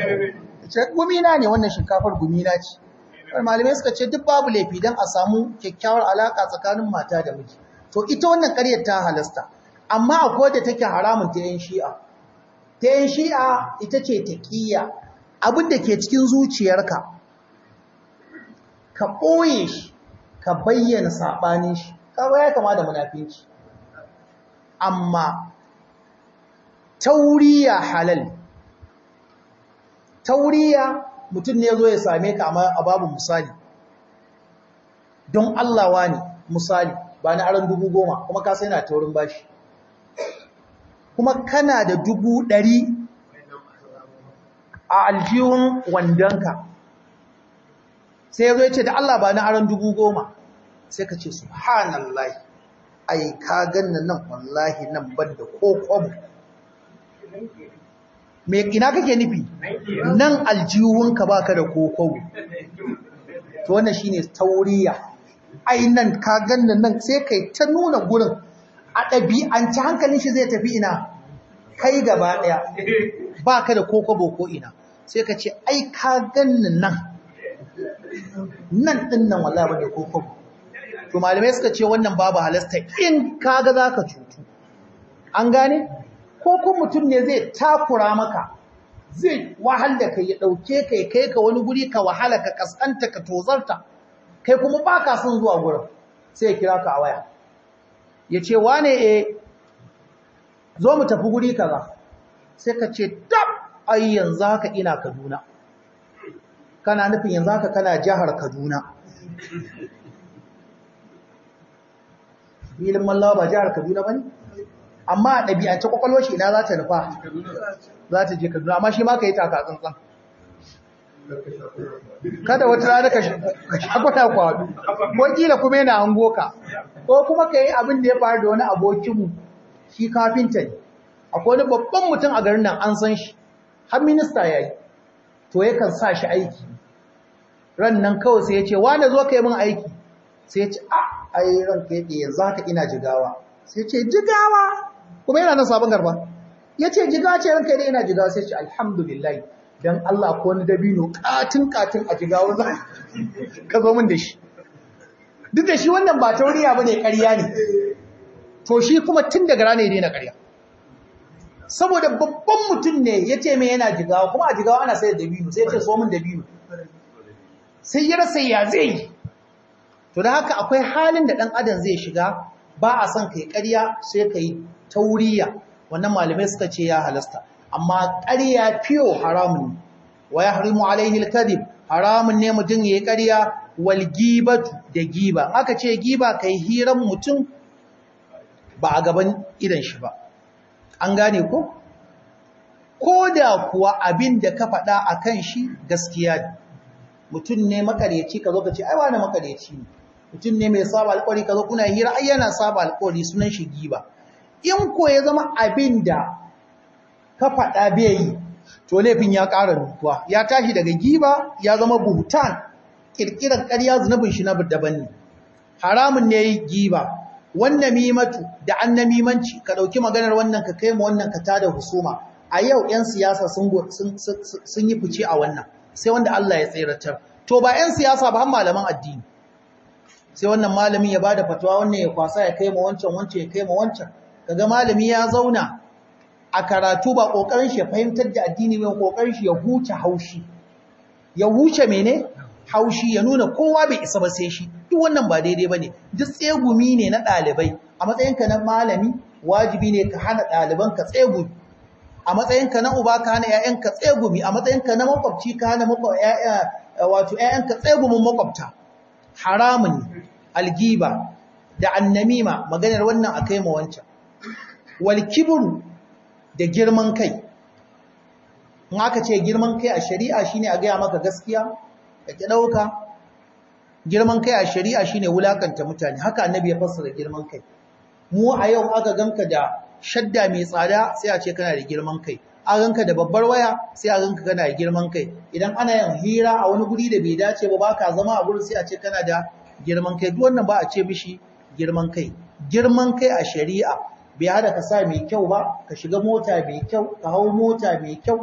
ce gumina ne wannan shinkafar gumina ce malamai suka ce duk babu laifi don a samu kyakkyawar alaka tsakanin mata da miji to ita wannan ƙaryar ta halasta amma akwai da take haramun ta yin shi'a ta yin shi'a ita ce ta abin da ke cikin zuciyarka ka ɓoye shi ka bayyana saɓanin shi ka ya kama da munafinci amma tauriya halal tauriya mutum ne zo ya same ka a babu misali don Allah wani misali ba na aron dubu goma kuma ka sai na taurin bashi kuma kana da dubu ɗari a aljihun wandonka sai ya zo ce da Allah ba na aron dubu goma sai ka ce subhanallah, ai ka ganna nan wallahi nan ban da ko me ina kake nufi nan aljihunka baka da ko kwabo to wannan shine tauriya ai nan ka ganna nan sai kai ta nuna gurin a ɗabi'anci hankalin shi zai tafi ina kai gaba ɗaya ba ka da kokobo ko ina sai ka ce ai ka ganna nan nan ɗin nan wallah ba da kokobo to malamai suka ce wannan babu halasta in ka ga za ka cutu an gane ko kuma mutum ne zai takura maka zai wahal da kai ya ɗauke kai kai ka wani guri ka wahala ka ƙasƙanta ka tozarta kai kuma ba ka son zuwa gurin sai ya kira ka a waya ya ce wane e zo mu tafi guri kaza sai ka ce dab ai yanzu haka ina kaduna kana nufin yanzu haka kana jihar kaduna ilin mallawa ba jihar kaduna ba ne amma a ɗabi'ance kwakwalwar shi ina za ta nufa za ta je kaduna amma shi ma ka yi taka tsantsan kada wata rana ka shakwata kwado ko kila kuma yana hango ka ko kuma ka yi abin da ya faru da wani abokinmu shi kafinta ne akwai wani babban mutum a garin nan an san shi har minista ya yi to kan sa shi aiki ran nan kawai sai ya ce wane zo ka yi min aiki sai ya ce a ah, ai ran ya ɗaya za ka ina jigawa sai ya ce jigawa kuma yana nan sabon garba ya ce jigawa ce ran ya ɗaya ina jigawa sai ya ce alhamdulillah dan Allah ko wani dabino katin katin a jiga wani ka zo min da shi duk da shi wannan ba tauriya bane ƙarya ne to shi kuma tun daga rana ne na ƙarya saboda babban mutum ne ya ce mai yana jigawa kuma a jigawa ana sayar da dabino sai ya ce so min dabino sai ya rasa ya zai yi to da haka akwai halin da ɗan adam zai shiga ba a son ka yi ƙarya sai ka yi tauriya wannan malamai suka ce ya halasta amma ƙarya fiyo haramun wa ya harimu alaihi alkadib haramun ne mutum ya yi ƙarya wal giba da giba aka ce giba kai hiran mutum ba a gaban idan shi ba an gane ko ko da kuwa abin da ka faɗa a kan shi gaskiya mutum ne makaryaci ka zo ka ce "Aiwa wani makaryaci ne mutum ne mai saba alƙawari ka zo kuna hira ai yana saba alƙawari sunan shi giba in ko ya zama abin da ka faɗa bai yi to laifin ya ƙara rukuwa ya tashi daga giba ya zama buhutan ƙirƙirar ƙarya zunubin shi na daban ne haramun ne yi giba wannan mimatu da an na mimanci ka ɗauki maganar wannan ka kai ma wannan ka tada husuma a yau 'yan siyasa sun yi fice a wannan sai wanda Allah ya tseratar to ba 'yan siyasa ba har malaman addini sai wannan malamin ya bada fatwa wannan ya kwasa ya kai ma wancan wancan ya kai ma wancan ga malami ya zauna a karatu ba ƙoƙarin shi ya fahimtar da addini mai ƙoƙarin shi ya huce haushi ya huce mene haushi ya nuna kowa bai isa ba sai shi duk wannan ba daidai ba ne. duk tsegumi ne na ɗalibai. a matsayinka na malami wajibi ne ka hana ka tsegumi a matsayinka na uba ka hana ƴaƴanka tsegumi a matsayinka na makwabci ka hana wato ƴaƴanka tsegumin makwabta haramun algiba da annamima maganar wannan a kai ma wancan wal kibru da girman kai in aka ce girman kai a shari'a shine a gaya maka gaskiya ka ki ɗauka girman kai a shari'a shine wulakanta mutane haka annabi ya fassara girman kai mu a yau aka ganka da shadda mai tsada sai a ce kana da girman kai a ganka da babbar waya sai a ganka kana da girman kai idan ana yin hira a wani guri da bai dace ba baka zama a guri sai a ce kana da girman kai duk wannan ba a ce mishi girman kai girman kai a shari'a bai hada ka sa mai kyau ba ka shiga mota mai kyau ka hau mota mai kyau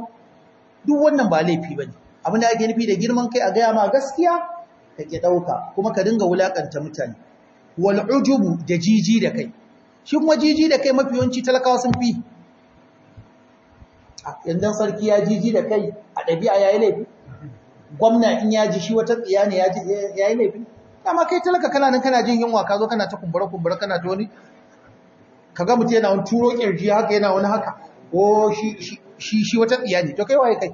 duk wannan ba laifi bane abin da ake nufi da girman kai a gaya ma gaskiya ka ke dauka kuma ka dinga wulakanta mutane wal ujubu da jiji da kai Shin ma jiji da kai mafi yawanci talakawa sun fi yanzu sarki ya jiji da kai a ɗabi'a yayi laifi gwamna in ya ji shi wata tsiya ne ya yi laifi amma kai talaka kana nan kana jin yunwa ka zo kana ta kumbura kumbura kana ta wani kaga mutum yana wani turo kirji haka yana wani haka ko shi shi wata tsiya ne to kai waye kai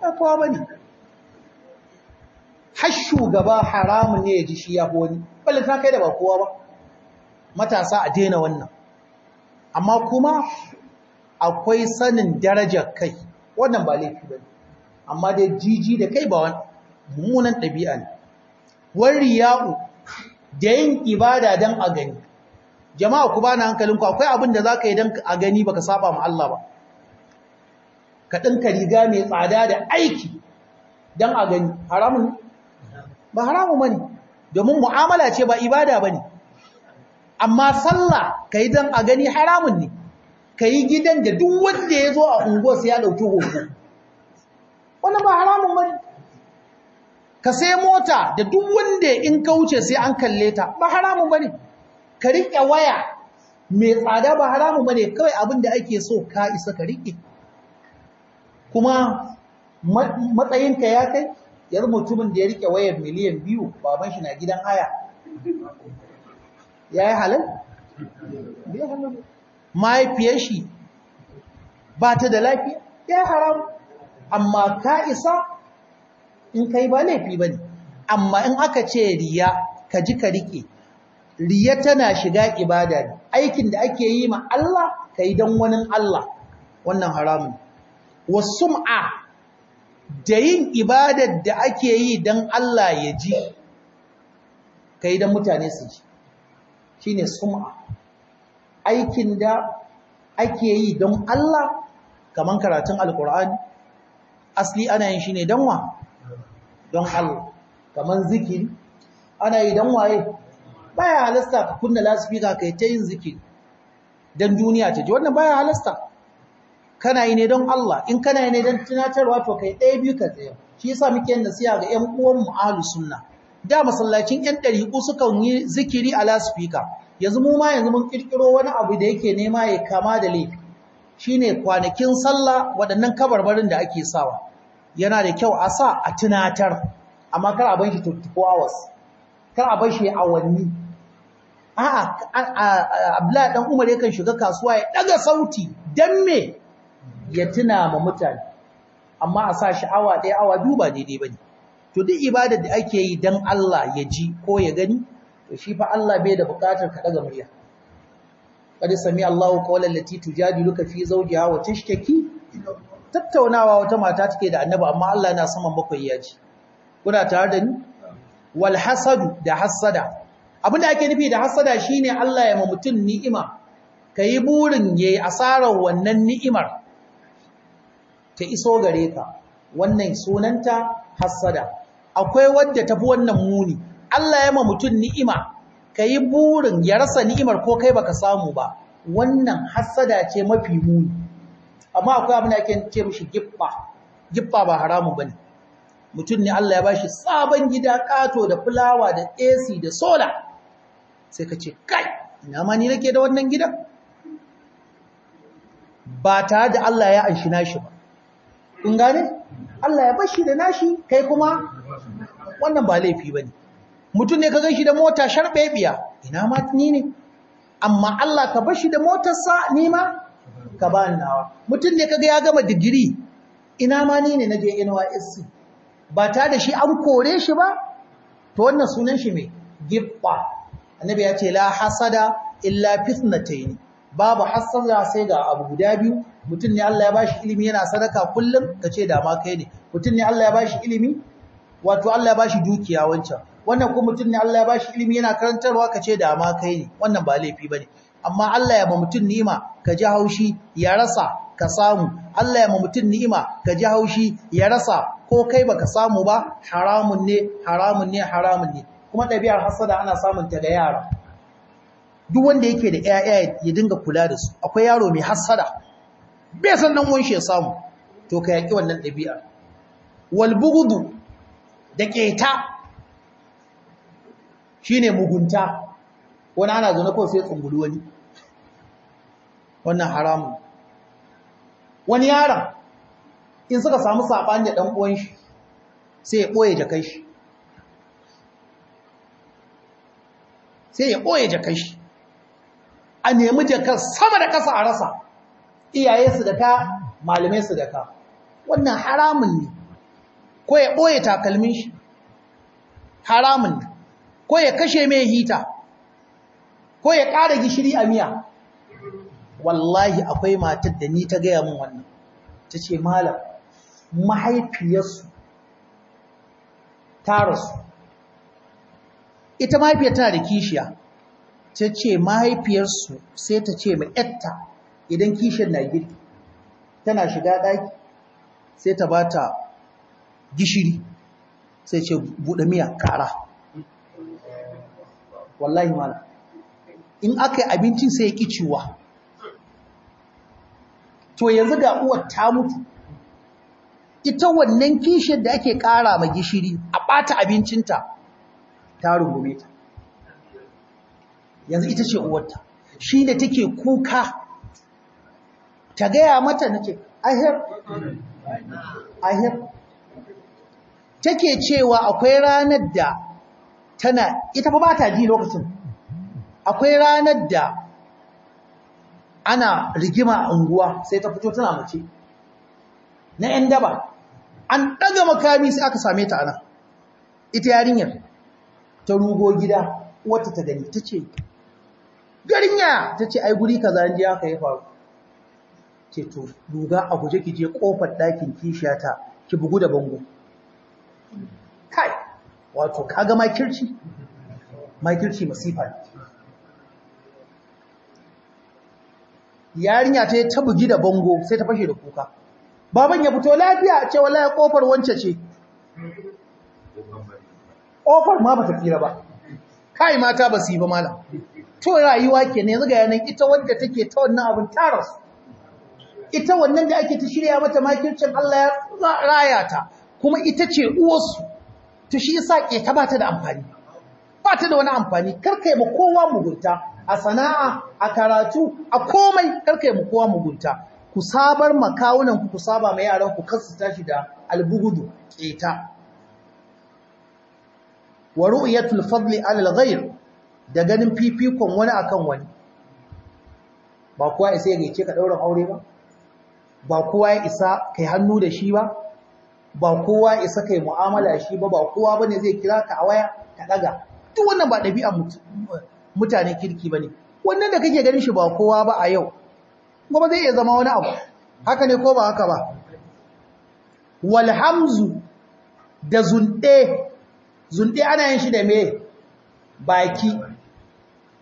ba kowa ne har shugaba haramun ne ya ji shi ya fi wani ta kai da ba kowa ba matasa a daina wannan amma kuma akwai sanin darajar kai wannan ba laifi ba amma dai jiji da kai ba wani mummunan ɗabi'a ne wani riya'u da yin ibada don a gani jama'a ku bani hankalinku akwai abin da zaka yi dan a gani baka saba ma Allah ba ka dinka riga mai tsada da aiki dan a gani haramun ba haramun bane domin mu'amala ce ba ibada bane amma sallah kai dan a gani haramun ne kai gidan da duk wanda ya zo a unguwar sai ya dauki hoto wannan ba haramun bane ka sai mota da duk wanda in kauce sai an kalle ta ba haramun bane ka riƙe waya mai tsada ba haramu bane kawai abin da ake so ka isa ka riƙe kuma matsayinka ya kai yar mutumin da ya riƙe wayar miliyan biyu baban shi na gidan haya ya yi halal? mahaifiyar shi ba ta da lafiya ya haramu. amma ka isa in kai ba laifi ba ne amma in aka ce riya ka ji ka riƙe riya tana shiga ibada ne aikin da ake yi ma Allah kai dan wani Allah wannan haramun wasum'a da yin ibadar da ake yi dan Allah ya ji kai dan mutane su ji shine sum'a aikin da ake yi don Allah kaman karatun alqur'ani asli ana yin shi ne dan wa don Allah kaman zikiri ana yi dan waye baya halasta ka kunna lasifika kai ta yin zikiri dan duniya ta ji wannan baya halasta kana yi ne don Allah in kana yi ne don tunatarwa to kai ɗaya biyu ka tsaye shi yasa muke yin nasiha ga ƴan uwan mu sunna da masallacin ƴan ko sukan yi zikiri a lasifika yanzu mu ma yanzu mun kirkiro wani abu da yake nema ya kama da laifi shine kwanakin sallah waɗannan kabarbarin da ake sawa yana da kyau a sa a tunatar amma kar a bar shi 24 hours kar a bar shi awanni a'a abla ɗan umar ya kan shiga kasuwa ya ɗaga sauti dan me ya tuna ma mutane amma a sa sha'awa ɗaya awa biyu ba daidai bane to duk ibadar da ake yi dan Allah ya ji ko ya gani to shi fa Allah bai da buƙatar ka daga murya Kada sami Allahu qawlan lati tujadiluka fi zawjiha wa tashtaki tattaunawa wata mata take da annabi amma Allah yana saman bakwai ya ji kuna tare da ni wal hasadu da hasada abinda ake nufi da hasada shine Allah ya ma mutum ni'ima kai burin yayi asarar wannan ni'imar ta iso gare ka wannan sunanta hasada akwai wadda tafi wannan muni Allah ya ma mutum ni'ima kai burin ya rasa ni'imar ko kai baka samu ba wannan hasada ce mafi muni amma akwai abin da ake ce mishi giffa giffa ba haramun bane mutum ne Allah ya bashi sabon gida kato da fulawa da AC da sola sai ka ce kai ina ma ni nake da wannan gidan ba tare da Allah ya anshi nashi ba kun gane Allah ya bashi da nashi kai kuma wannan ba laifi bane mutum ne ka gan shi da mota sharbebiya ina ma ni ne amma Allah ka bashi da sa ni ma ka ba ni nawa mutum ne kaga ya gama digiri ina ma ni ne naje NYSC ba ta da shi an kore shi ba to wannan sunan shi me gibba annabi ya ce la hasada illa fitnatayn babu hasada sai ga abu guda biyu mutum ne Allah ya bashi ilimi yana sadaka kullum kace da ma kai ne mutum ne Allah ya bashi ilimi wato Allah ya bashi dukiya wancan wannan kuma mutum ne Allah ya bashi ilimi yana karantarwa kace da ma kai ne wannan ba laifi bane amma Allah ya ma mutum ni'ima ka ji haushi ya rasa ka samu Allah ya ma mutum ni'ima ka ji haushi ya rasa ko kai baka samu ba haramun ne haramun ne haramun ne kuma ɗabi'ar hasada ana samun ta da yara duk wanda yake da 'ya'ya ya dinga kula da su akwai yaro mai hasada bai san dan wanshi ya samu to ka yaki wannan ɗabi'a wal bughdu da keta shine mugunta wani ana zo na kawai ya tsunguli wani wannan haramun wani yaron in suka samu saɓani da ɗan uwan shi sai ya ɓoye jakai shi sai ya ɓoye jakan shi a nemi jakan sama da ƙasa a rasa iyaye su da ta malamai su da ka wannan haramun ne ko ya ɓoye takalmin shi haramun ne ko ya kashe mai hita ko ya ƙara gishiri a miya wallahi akwai matar da ni ta gaya min wannan ta ce malam mahaifiyarsu ta rasu ita mahaifiyar tana da kishiya ta ce mahaifiyarsu sai ta ce mai etta idan kishiyar na girki tana shiga ɗaki sai ta ba gishiri sai ce buɗe miya kara wallahi mana in aka yi abincin sai ya ƙicewa to yanzu ga uwar ta mutu ita wannan kishiyar da ake ƙara ma gishiri a ɓata abincinta ta rungume ta yanzu ita ce uwarta shi da take kuka ta gaya mata na ce ahir ahir take cewa akwai ranar da tana ita ba ta ji lokacin akwai ranar da ana rigima a unguwa sai ta fito tana mace na 'yan daba an ɗaga makami sai aka same ta ana ita yarinyar ta rugo gida wata ta gani ta ce garin ya ta ce ai guri kaza ji aka yi faru ce to duga a guje ki je kofar ɗakin kishiyata ki bugu da bango kai wato kaga makirci makirci masifa ne yarinya ta ta bugi da bango sai ta fashe da kuka baban ya fito lafiya ce wallahi kofar wance ce ƙofar ma ba ta fira ba kai mata ba su yi ba mala to rayuwa ke ne zuga yanayi ita wadda take ta wannan abin taras ita wannan da ake ta shirya mata makircin Allah ya raya ta kuma ita ce uwarsu to shi yasa ke ta ta da amfani Ba ta da wani amfani karkai ma kowa mugunta a sana'a a karatu a komai karkai ma kowa mugunta ku sabar makawunan ku saba ma yaran ku kar su tashi da albugudu ƙeta. wa ru'yatul fadli 'ala al-ghayr da ganin fifikon wani akan wani ba kowa isa ya gaice ka ɗaurin aure ba ba kowa ya isa kai hannu da shi ba ba kowa ya isa kai mu'amala shi ba ba kowa bane zai kira ka a waya ka daga duk wannan ba ɗabi'a mutane kirki bane wannan da kake ganin shi ba kowa ba a yau kuma zai iya zama wani abu haka ne ko ba haka ba walhamzu da zunde zunde ana yin shi da me baki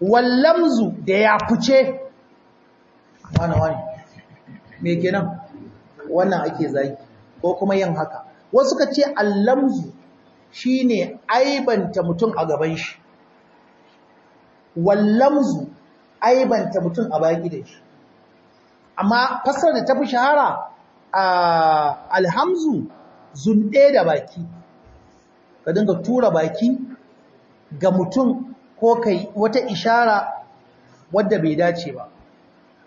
wallamzu da ya fice wani wani me kenan wannan ake zaki? ko kuma yin haka wasu ka ce allamzu shine aibanta mutum a gaban shi wallamzu aibanta mutum a baki da shi amma fasar da ta fi shahara a ah, alhamzu zunde da baki ka dinga tura baki ga mutum ko kai wata ishara wadda bai dace ba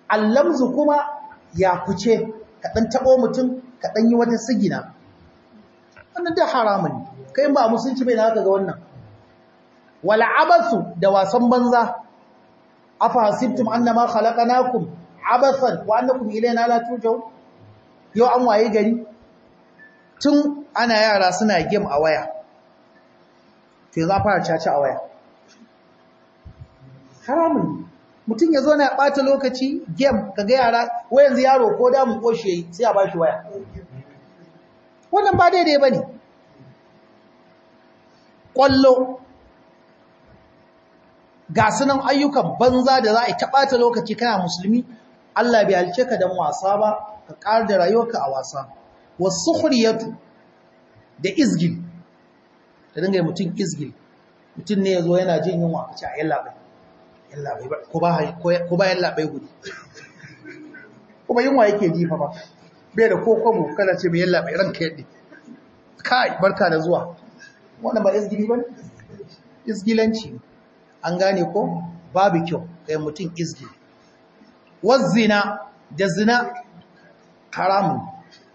allamzu kuma ya kuce ka dan tabo mutum ka dan yi wata sigina wannan da haramun kai ba musulunci bai da haka ga wannan wala abasu da wasan banza afa annama khalaqnakum abasan wa annakum ilayna la turja'un yau an waye gari tun ana yara suna game a waya to za fara caca a waya haramun mutum ya zo na ya ɓata lokaci game kaga yara wayan yaro ko damun koshi yayi sai a shi waya wannan ba daidai ba ne. Ƙwallo, ga sunan ayyukan banza da za a ta ɓata lokaci kana musulmi Allah bai halce ka dan wasa ba ka ƙara da rayuwarka a wasa huriyatu da izgin. ta dinga yi mutum izgil mutum ne ya zo yana jin yunwa a ce a yallaɓai ko ba yallaɓai gudi kuma yunwa yake jifa ba bai da ko kwamo kana ce mai yallaɓai ranka yadda kai barka da zuwa wannan ba izgili ba ne izgilanci an gane ko babu kyau kai mutum izgili wazzina da zina haramun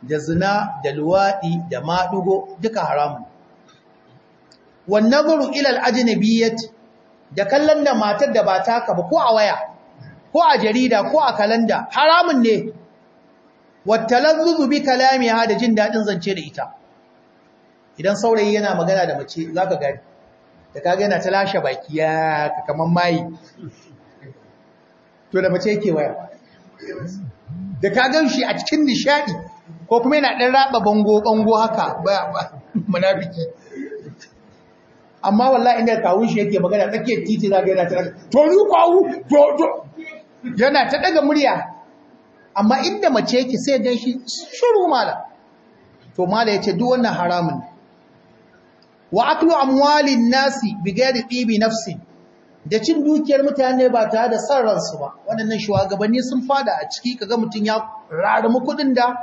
da zina da luwaɗi da maɗugo duka haramun wan nazaru ila al ajnabiyyati da kallon da matar da ba ka ba ko a waya ko a jarida ko a kalanda haramun ne watalazzuzu bi kalamiha da jin dadin zance da ita idan saurayi yana magana da mace zaka gari da kaga yana ta lashe baki ya kaman mai to da mace yake waya da ka gan shi a cikin nishadi ko kuma yana ɗan raba bango-bango haka ba munafiki amma wallahi inda kawun shi yake magana tsakiyar titi za ga yana ta to ni kawu to to yana ta daga murya amma inda mace yake sai dan shi shiru mala to mala yace duk wannan haramun wa aklu amwalin nasi bighairi tibi nafsi da cin dukiyar mutane ba tare da san ransu ba waɗannan shugabanni sun fada a ciki kaga mutun ya rarumi kudin da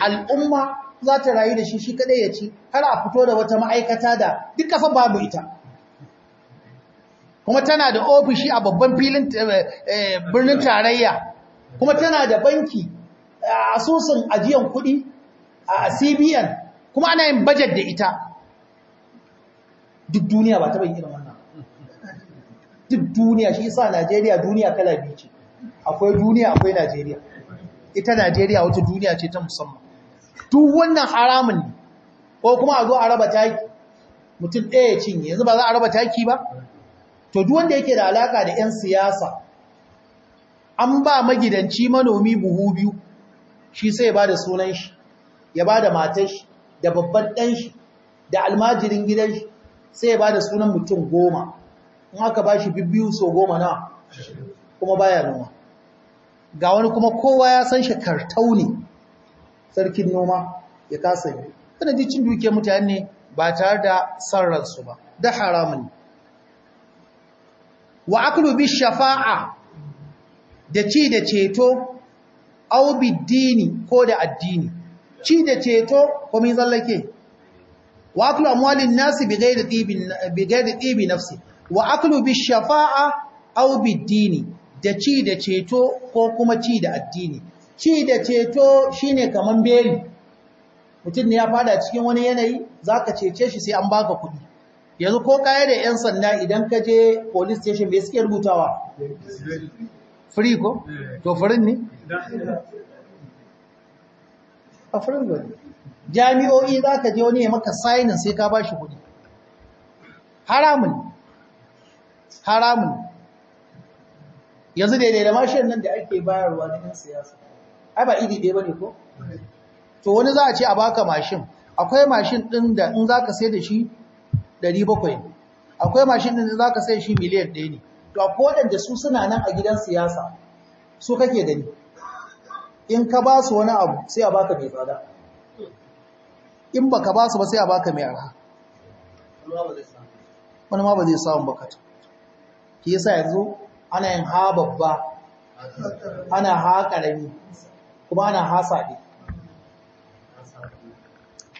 al'umma za ta rayu da shi shi kadai ya ci har a fito da wata ma'aikata da duk kafa babu ita kuma tana da ofishi a babban filin eh, eh, birnin tarayya kuma tana da banki asusun ajiyan kuɗi a cbn kuma ana yin bajet da ita duk duniya ba ta bayyana wannan duk duniya shi isa najeriya duniya kala biyu ce akwai duniya akwai najeriya ita najeriya wata duniya ce ta musamman duk wannan haramun ne ko kuma a zo a raba taki mutum ɗaya cinye yanzu ba za a raba taki ba to duk wanda yake da alaka da 'yan siyasa an ba magidanci manomi buhu biyu shi sai ba da sunan shi ya ba da matar shi da babban ɗan shi da almajirin gidan shi sai ya ba da sunan mutum goma in aka ba shi biyu so goma na kuma baya noma ga wani kuma kowa ya san shi kartau ne sarkin noma ya kasa yi kana ji cin duke mutane ba tare da sararsu ba da haramun wa aklu bi shafa'a da ci da ceto au bi dini ko da addini ci da ceto ko min zallake wa aklu amwalin nasi bi da tibin bi nafsi wa aklu bi shafa'a au bi dini da ci da ceto ko kuma ci da addini ci da ceto shine kaman beli mutum ne ya fada cikin wani yanayi za ka cece shi sai an ba ka kuɗi yanzu ko kaya da yan sanda idan ka je police station bai suke rubutawa free ko to farin ne a farin ne jami'o'i ka je wani ya maka sainin sai ka bashi kuɗi haramun haramun yanzu daidai da mashin nan da ake bayarwa na 'yan siyasa ai ba iri ɗaya bane ko to wani za a ce a baka mashin akwai mashin ɗin da in za ka sai da shi 700 akwai mashin ɗin da za ka sai shi miliyan ɗaya ne to akwai waɗanda su suna nan a gidan siyasa su kake gani in ka ba su wani abu sai a baka mai tsada in ba ka ba su ba sai a baka mai arha wani ma ba zai samun bakata ke yasa yanzu ana yin ha babba ana ha ƙarami kuma ana hasade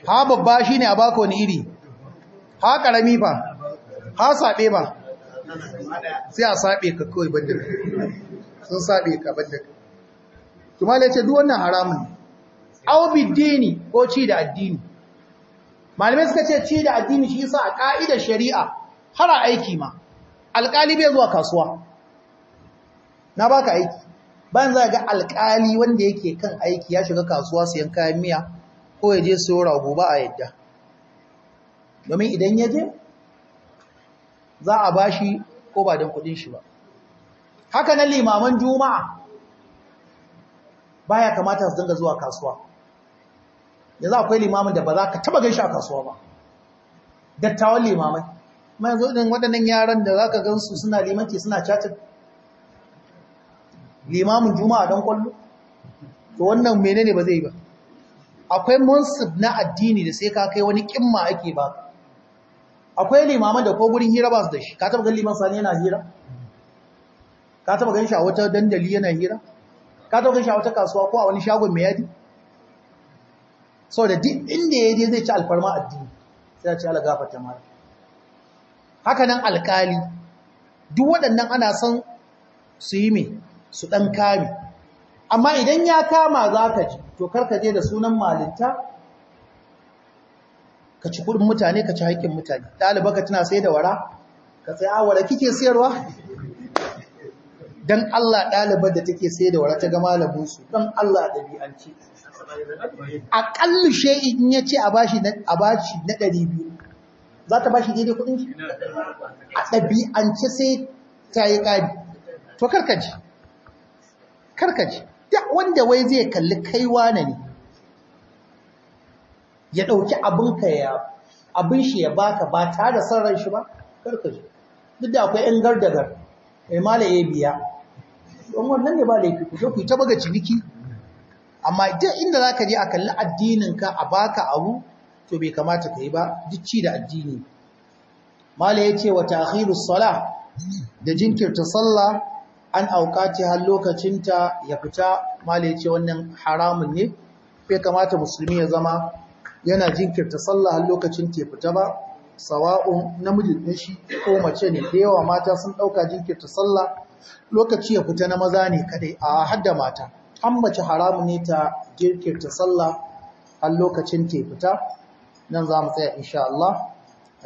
ha babba shi ne a baka wani iri ha ƙarami ba, ha saɓe ba sai a saɓe ka kawai banda sun saɓe ka banda kuma lai ce duk haramun ne aw ko ci da addini malamai suka ce ci da addini shi sa a ƙa'idar shari'a har aiki ma alƙali bai zuwa kasuwa na baka aiki bayan za ga alkali wanda yake kan aiki ya shiga kasuwa sayan kayan miya ko ya je siyo rago ba a yadda domin idan ya je za a bashi ko ba don kudin shi ba haka na limaman juma'a ba ya kamata su dinga zuwa kasuwa yanzu akwai limamin da ba za ka taba gaishe a kasuwa ba dattawan limamai mai zo ɗin waɗannan yaran da za ka gansu suna limanci suna cacin limamin juma'a don kwallo to wannan menene ba zai ba akwai munsub na addini da sai ka kai wani kimma ake ba akwai limaman da ko gurin hira ba su da shi ka taba ganin liman sani yana hira ka taba ganin shi a wata dandali yana hira ka taba ganin shi a wata kasuwa ko a wani shagon mai yadi sau da duk inda ya je zai ci alfarma addini sai ya ci ala gafata mara haka nan alkali duk waɗannan ana son su yi mai su ɗan kari amma idan ya kama za ka ci to karka je da sunan malinta ka ci kudin mutane ka ci haƙƙin mutane ɗaliba ka tana sai da wara ka sai a wara kike siyarwa don Allah ɗalibar da take sai da wara ta ga malaminsu don Allah a ƙallu shi in ya ce a bashi na ɗari biyu za ta bashi daidai kudin shi a ɗabi'ance sai ta yi ƙari to karkaci karkaji duk wanda wai zai kalli kaiwa na ne ya ɗauki abinka ya abin shi ya baka ba tare da ran shi ba karkaji duk da akwai 'yan gardagar mai eh, mala ya biya don wannan ne ba da yake kusa ku yi ta baga ciniki amma duk inda za ka je a kalli addininka a baka abu to bai kamata ka yi ba duk ci da addini mala ya ce wa ta'khirus salah da jinkirta sallah an aukaci har lokacin ta ya fita mala ce wannan haramun ne bai kamata musulmi ya zama yana jinkirta sallah har lokacin ta fita ba sawa'un namiji ne shi ko mace ne da yawa mata sun dauka jinkirta sallah lokaci ya fita na maza ne kadai a hadda mata an mace haramun ne ta jinkirta sallah har lokacin ta fita nan za mu tsaya insha Allah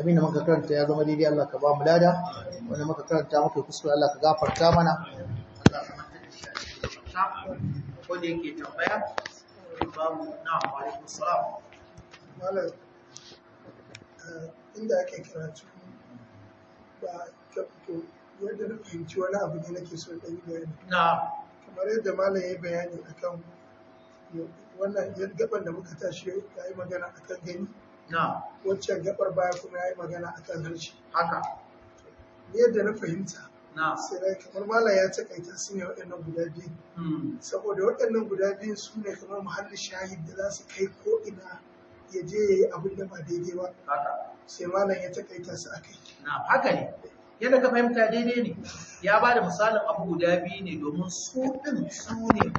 abinda muka karanta ya zama daidai Allah ka ba mu lada wanda muka karanta muka kuskure Allah ka gafarta mana Allah ka manta shi a ko da yake tambaya babu na alaikum salam malam eh, inda ake karatu ba fito yadda na fahimci wani abu ne nake so ɗan bayani kamar yadda malam ya bayani akan wannan yadda gaban da muka tashi ya yi magana akan gani Wancan gabar baya kuma ya yi magana a kan harshe haka yadda na fahimta sai dai kamar mala ya takaita su ne waɗannan guda biyu hmm. saboda waɗannan guda biyu su ne kamar muhallin shahid da za su kai ko ina ya je ya yi abin da ba daidai ba sai malam ya takaita su akai na haka ne yadda ka fahimta daidai ne ya ba da misalin abu guda biyu ne domin su ɗin su ne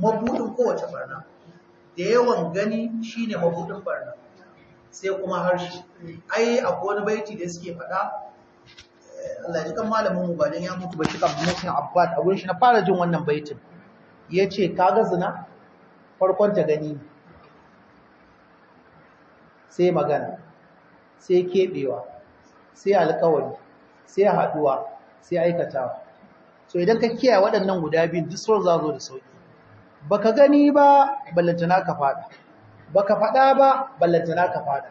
mabuɗin kowace barna da yawan gani shine mabuɗin barna sai kuma harshe ai akwai wani baiti da suke faɗa eh, Allah ji kan malamin mu bayan ya mutu ba shi kan mutum abbad a gurin shi na fara jin wannan baitin ya ce kaga zina farkon ta gani sai magana sai keɓewa sai alƙawari, sai haɗuwa sai aikatawa so idan ka kiyaye waɗannan guda biyu duk sauran za zo da sauki baka gani ba ballantana ka fada baka faɗa ba ballantana ka faɗa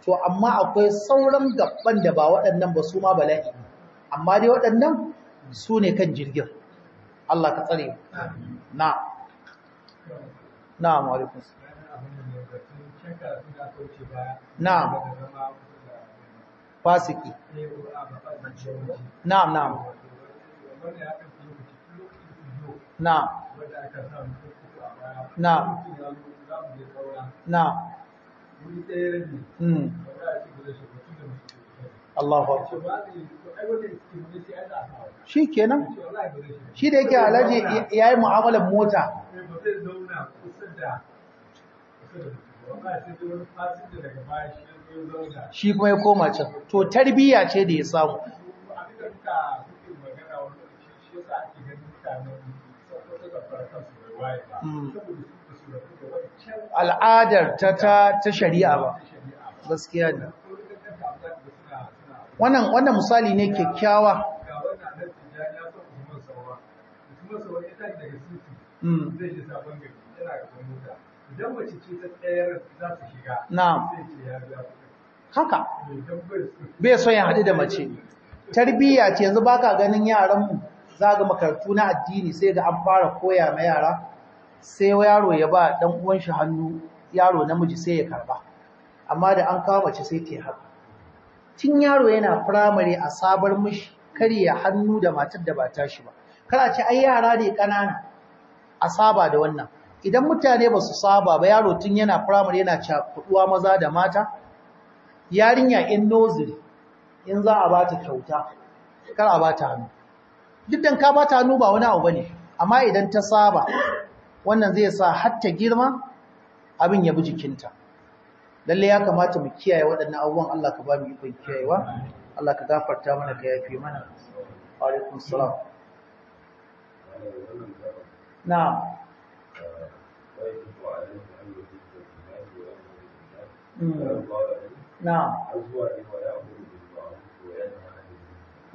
to amma akwai sauran gabban da ba waɗannan ba su ma bala'i amma dai waɗannan su ne kan jirgin Allah ka tsare na na na fasiki na na na na na hmm. Allah shi kenan shi da yake alaji ya yi mu'amalar mota shi kuma ya koma can to tarbiyya ce da ya samu hmm. al'adar ta ta shari'a ba gaskiya ne wannan wannan misali ne kyakkyawa hmm. haka bai son ya haɗu da mace tarbiyya ce yanzu ka ganin yaranmu ga makarantu na addini sai ga an fara koya ma yara sai yaro ya ba dan uwan shi hannu yaro namiji sai ya karba amma da an kawo mace sai ta haka tun yaro yana firamare a sabar mishi karya hannu da matar da ba ta shi ba kada ce ai yara ne kanana a saba da wannan idan mutane ba su saba ba yaro tun yana firamare yana cakuduwa maza da mata yarinya in noziri in za a bata kyauta kar a bata hannu duk dan ka bata hannu ba wani abu bane amma idan ta saba wannan zai sa hatta girma abin ya bi jikinta lalle ya kamata mu kiyaye waɗannan abubuwan Allah ka ba mu ikon kiyayewa Allah ka gafarta mana ka yafe mana wa alaikum salam na'am hmm. na'am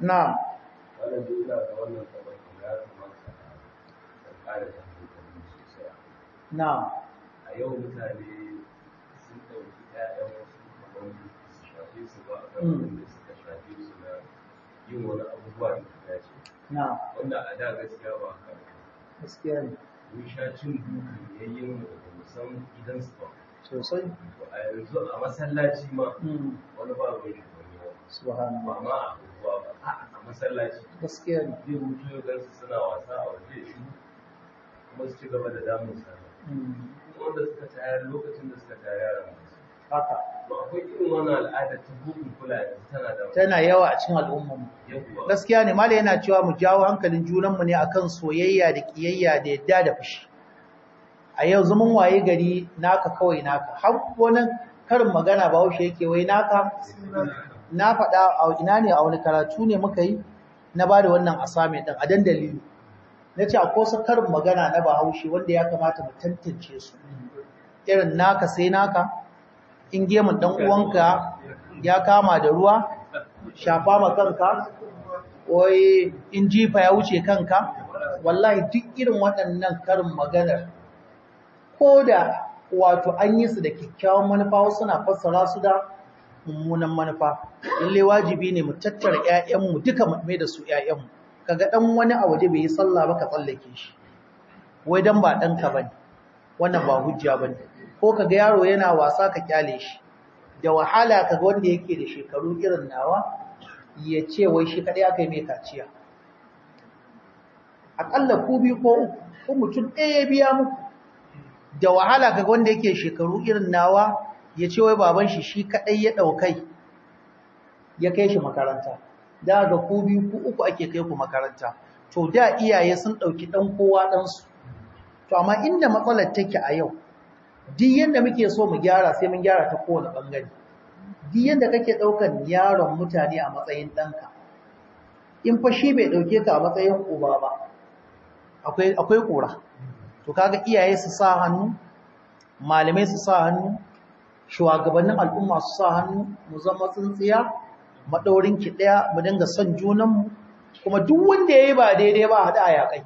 na'am Na. na a yau mutane sun ɗauki ƴaƴan wasu kaman su shafe su ba a hmm. da suka shafe su na yin wani abubuwa da ta dace wanda a da gaskiya ba haka gaskiya ne mun sha cin dukan yayyin mu da musamman gidan su ba sosai a yanzu a masallaci ma hmm. wani ba ruwan shi subhanahu ba ma abubuwa ba a masallaci gaskiya ne zai mutu ya gansu suna wasa a waje shi kuma su ci gaba da damun sa tana yawa a cikin al'ummar mu gaskiya ne malai yana cewa mu jawo hankalin junanmu ne akan soyayya da kiyayya da yadda da fushi a yau zaman waye gari naka kawai naka har wani karin magana ba haushe yake wai naka na faɗa a ina ne a wani karatu ne muka yi na ba da wannan asami din a dandali na ce akwai wasu karin magana na bahaushe wanda ya kamata mu tantance su irin naka sai naka in gemun dan uwanka ya kama da ruwa shafa ma kanka wai in jifa ya wuce kanka wallahi duk irin waɗannan karin maganar ko da wato an yi su da kyakkyawan manufa wasu na fassara su da mummunan manufa lalle wajibi ne mu tattara ƴaƴanmu duka mu da su ƴaƴanmu kaga dan wani a waje bai yi sallah ba ka tsallake shi wai dan ba ka bane wannan ba hujja bane ko kaga yaro yana wasa ka kyale shi da wahala kaga wanda yake da shekaru irin nawa ya ce wai shi kadai aka yi mai kaciya akalla ku biyu ko uku ko mutum ɗaya ya biya muku da wahala kaga wanda yake shekaru irin nawa ya ce wai baban shi shi kadai ya daukai ya kai shi makaranta da ga ko biyu ko uku ake kai ku makaranta to da iyaye sun ɗauki ɗan kowa ɗansu to amma inda matsalar take a yau duk yadda muke so mu gyara sai mun gyara ta kowane bangare duk yadda kake ɗaukan yaron mutane a matsayin ɗanka in fa shi bai ɗauke ka a matsayin uba ba akwai ƙura to kaga iyaye su sa hannu malamai su sa hannu shugabannin al'umma su sa hannu mu zama tsintsiya maɗaurin ki ɗaya mu dinga son junanmu kuma duk wanda ya yi ba daidai ba haɗa a yaƙai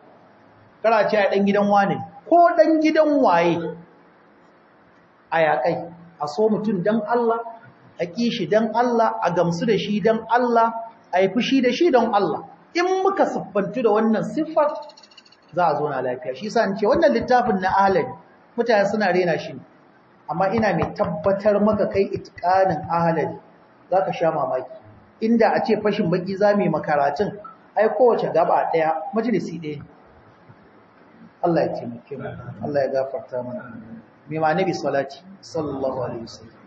kara ce a ɗan gidan wane ko ɗan gidan waye a yaƙai a so mutum don Allah a ƙi shi don Allah a gamsu da shi don Allah a yi fushi da shi don Allah in muka siffantu da wannan siffar za a zo na lafiya shi sa ce wannan littafin na ahalari mutane suna rena shi amma ina mai tabbatar maka kai itikanin ahalari za ka sha mamaki inda a ce fashin baki za mu yi makaratun ai kowace gaba ɗaya majalisi ɗaya Allah ya ce muke Allah ya gafarta mana mai ma nabi salati sallallahu alaihi wasallam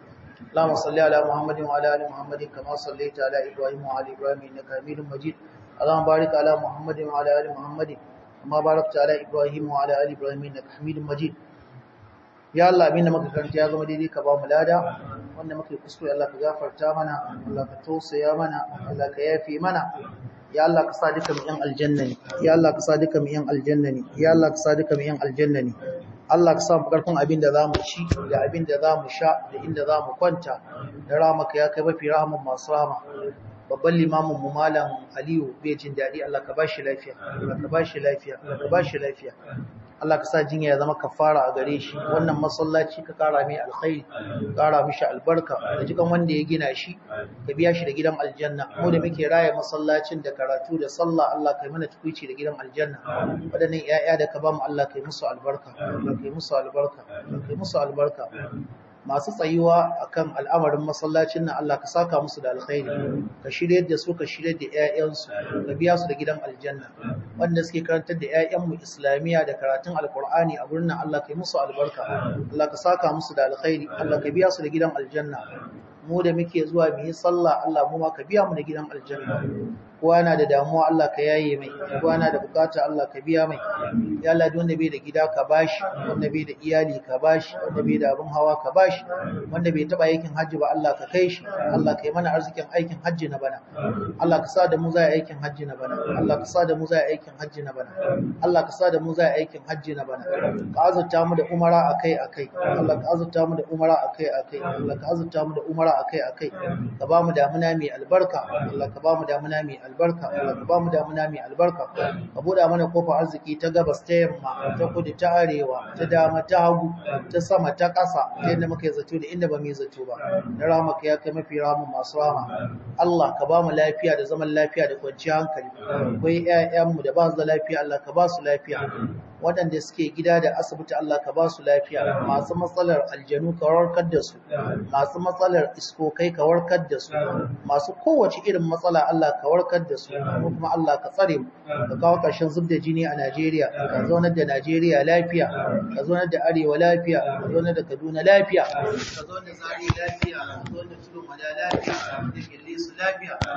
la salli ala muhammadin wa ala muhammadin kama sallaita ala ibrahim wa ala ibrahim innaka hamidum majid allahumma barik ala muhammadin wa ala muhammadin kama barakta ala ibrahim wa ala ibrahim innaka hamidum majid ya Allah abinda muka karanta ya zama daidai ka ba mu lada wanda muke yi kuskure Allah ka gafarta mana Allah ka tausaya mana Allah ka yafe mana ya Allah ka sa duka mu yan aljanna ne ya Allah ka sa duka mu yan aljanna ne ya Allah ka sa duka mu yan aljanna ne Allah ka sa mu karfin abin da zamu ci da abin da zamu sha da inda zamu kwanta da ramaka ya kai mafi rahaman masu rama babban limamin mu malam Aliyu bai jin daɗi Allah ka bashi lafiya Allah ka bashi lafiya Allah ka bashi lafiya Allah ka sa jinya ya zama kafara a gare shi wannan masallaci ka kara mai alkhairi kara mishi albarka da jikan wanda ya gina shi ka biya shi da gidan aljanna mu da muke raya masallacin da karatu da sallah Allah kai mana tukuici da gidan aljanna wadannan yaya da ka bamu Allah kai musu albarka kai musu albarka kai musu albarka masu tsayuwa akan al'amarin masallacin nan Allah ka saka musu da alkhairi ka shirye da su ka shirye da ƴaƴansu ka biya su da gidan aljanna wanda suke karantar da mu islamiya da karatun alqur'ani a gurin nan Allah ka yi musu albarka Allah ka saka musu da alkhairi Allah ka biya su da gidan aljanna mu da muke zuwa mu yi sallah Allah mu ma ka biya mu da gidan aljanna na da damuwa Allah ka yaye mai na da bukata Allah ka biya mai ya Allah duk wanda bai da gida ka bashi wanda bai da iyali ka bashi wanda bai da abin hawa ka bashi wanda bai taba aikin hajji ba Allah ka kai shi Allah ka yi mana arzikin aikin hajji na bana Allah ka sa da mu za aikin hajji na bana Allah ka sa da mu za aikin haji na bana Allah ka sa da mu zai aikin hajji na bana ka azurta mu da umara akai akai Allah ka azurta mu da umara akai akai Allah ka azurta mu da umara akai akai ka ba mu damuna mai albarka Allah ka ba mu damuna mai albarka ba mu damuna mai albarka ka buɗa mana kofar arziki ta gabas ta yamma ta kudu ta arewa ta dama ta hagu ta sama ta ƙasa ta yadda muka yi zato da inda ba mu yi zato ba na rama ka ya kai mafi ramu masu rama Allah ka ba mu lafiya da zaman lafiya da kwanciyar hankali akwai ƴaƴanmu da ba su da lafiya Allah ka ba su lafiya waɗanda suke gida da asibiti Allah ka ba su lafiya masu matsalar aljanu ka warkar da su masu matsalar iskokai ka warkar da su masu kowace irin matsala Allah ka warkar halakar da su mu kuma Allah ka tsare mu ka kawo ƙarshen da jini a Najeriya ka zaunar da Najeriya lafiya ka zaunar da Arewa lafiya ka zaunar da Kaduna lafiya ka zaunar da Zaria lafiya ka zaunar da Tulumada lafiya ka zaunar da Gillis lafiya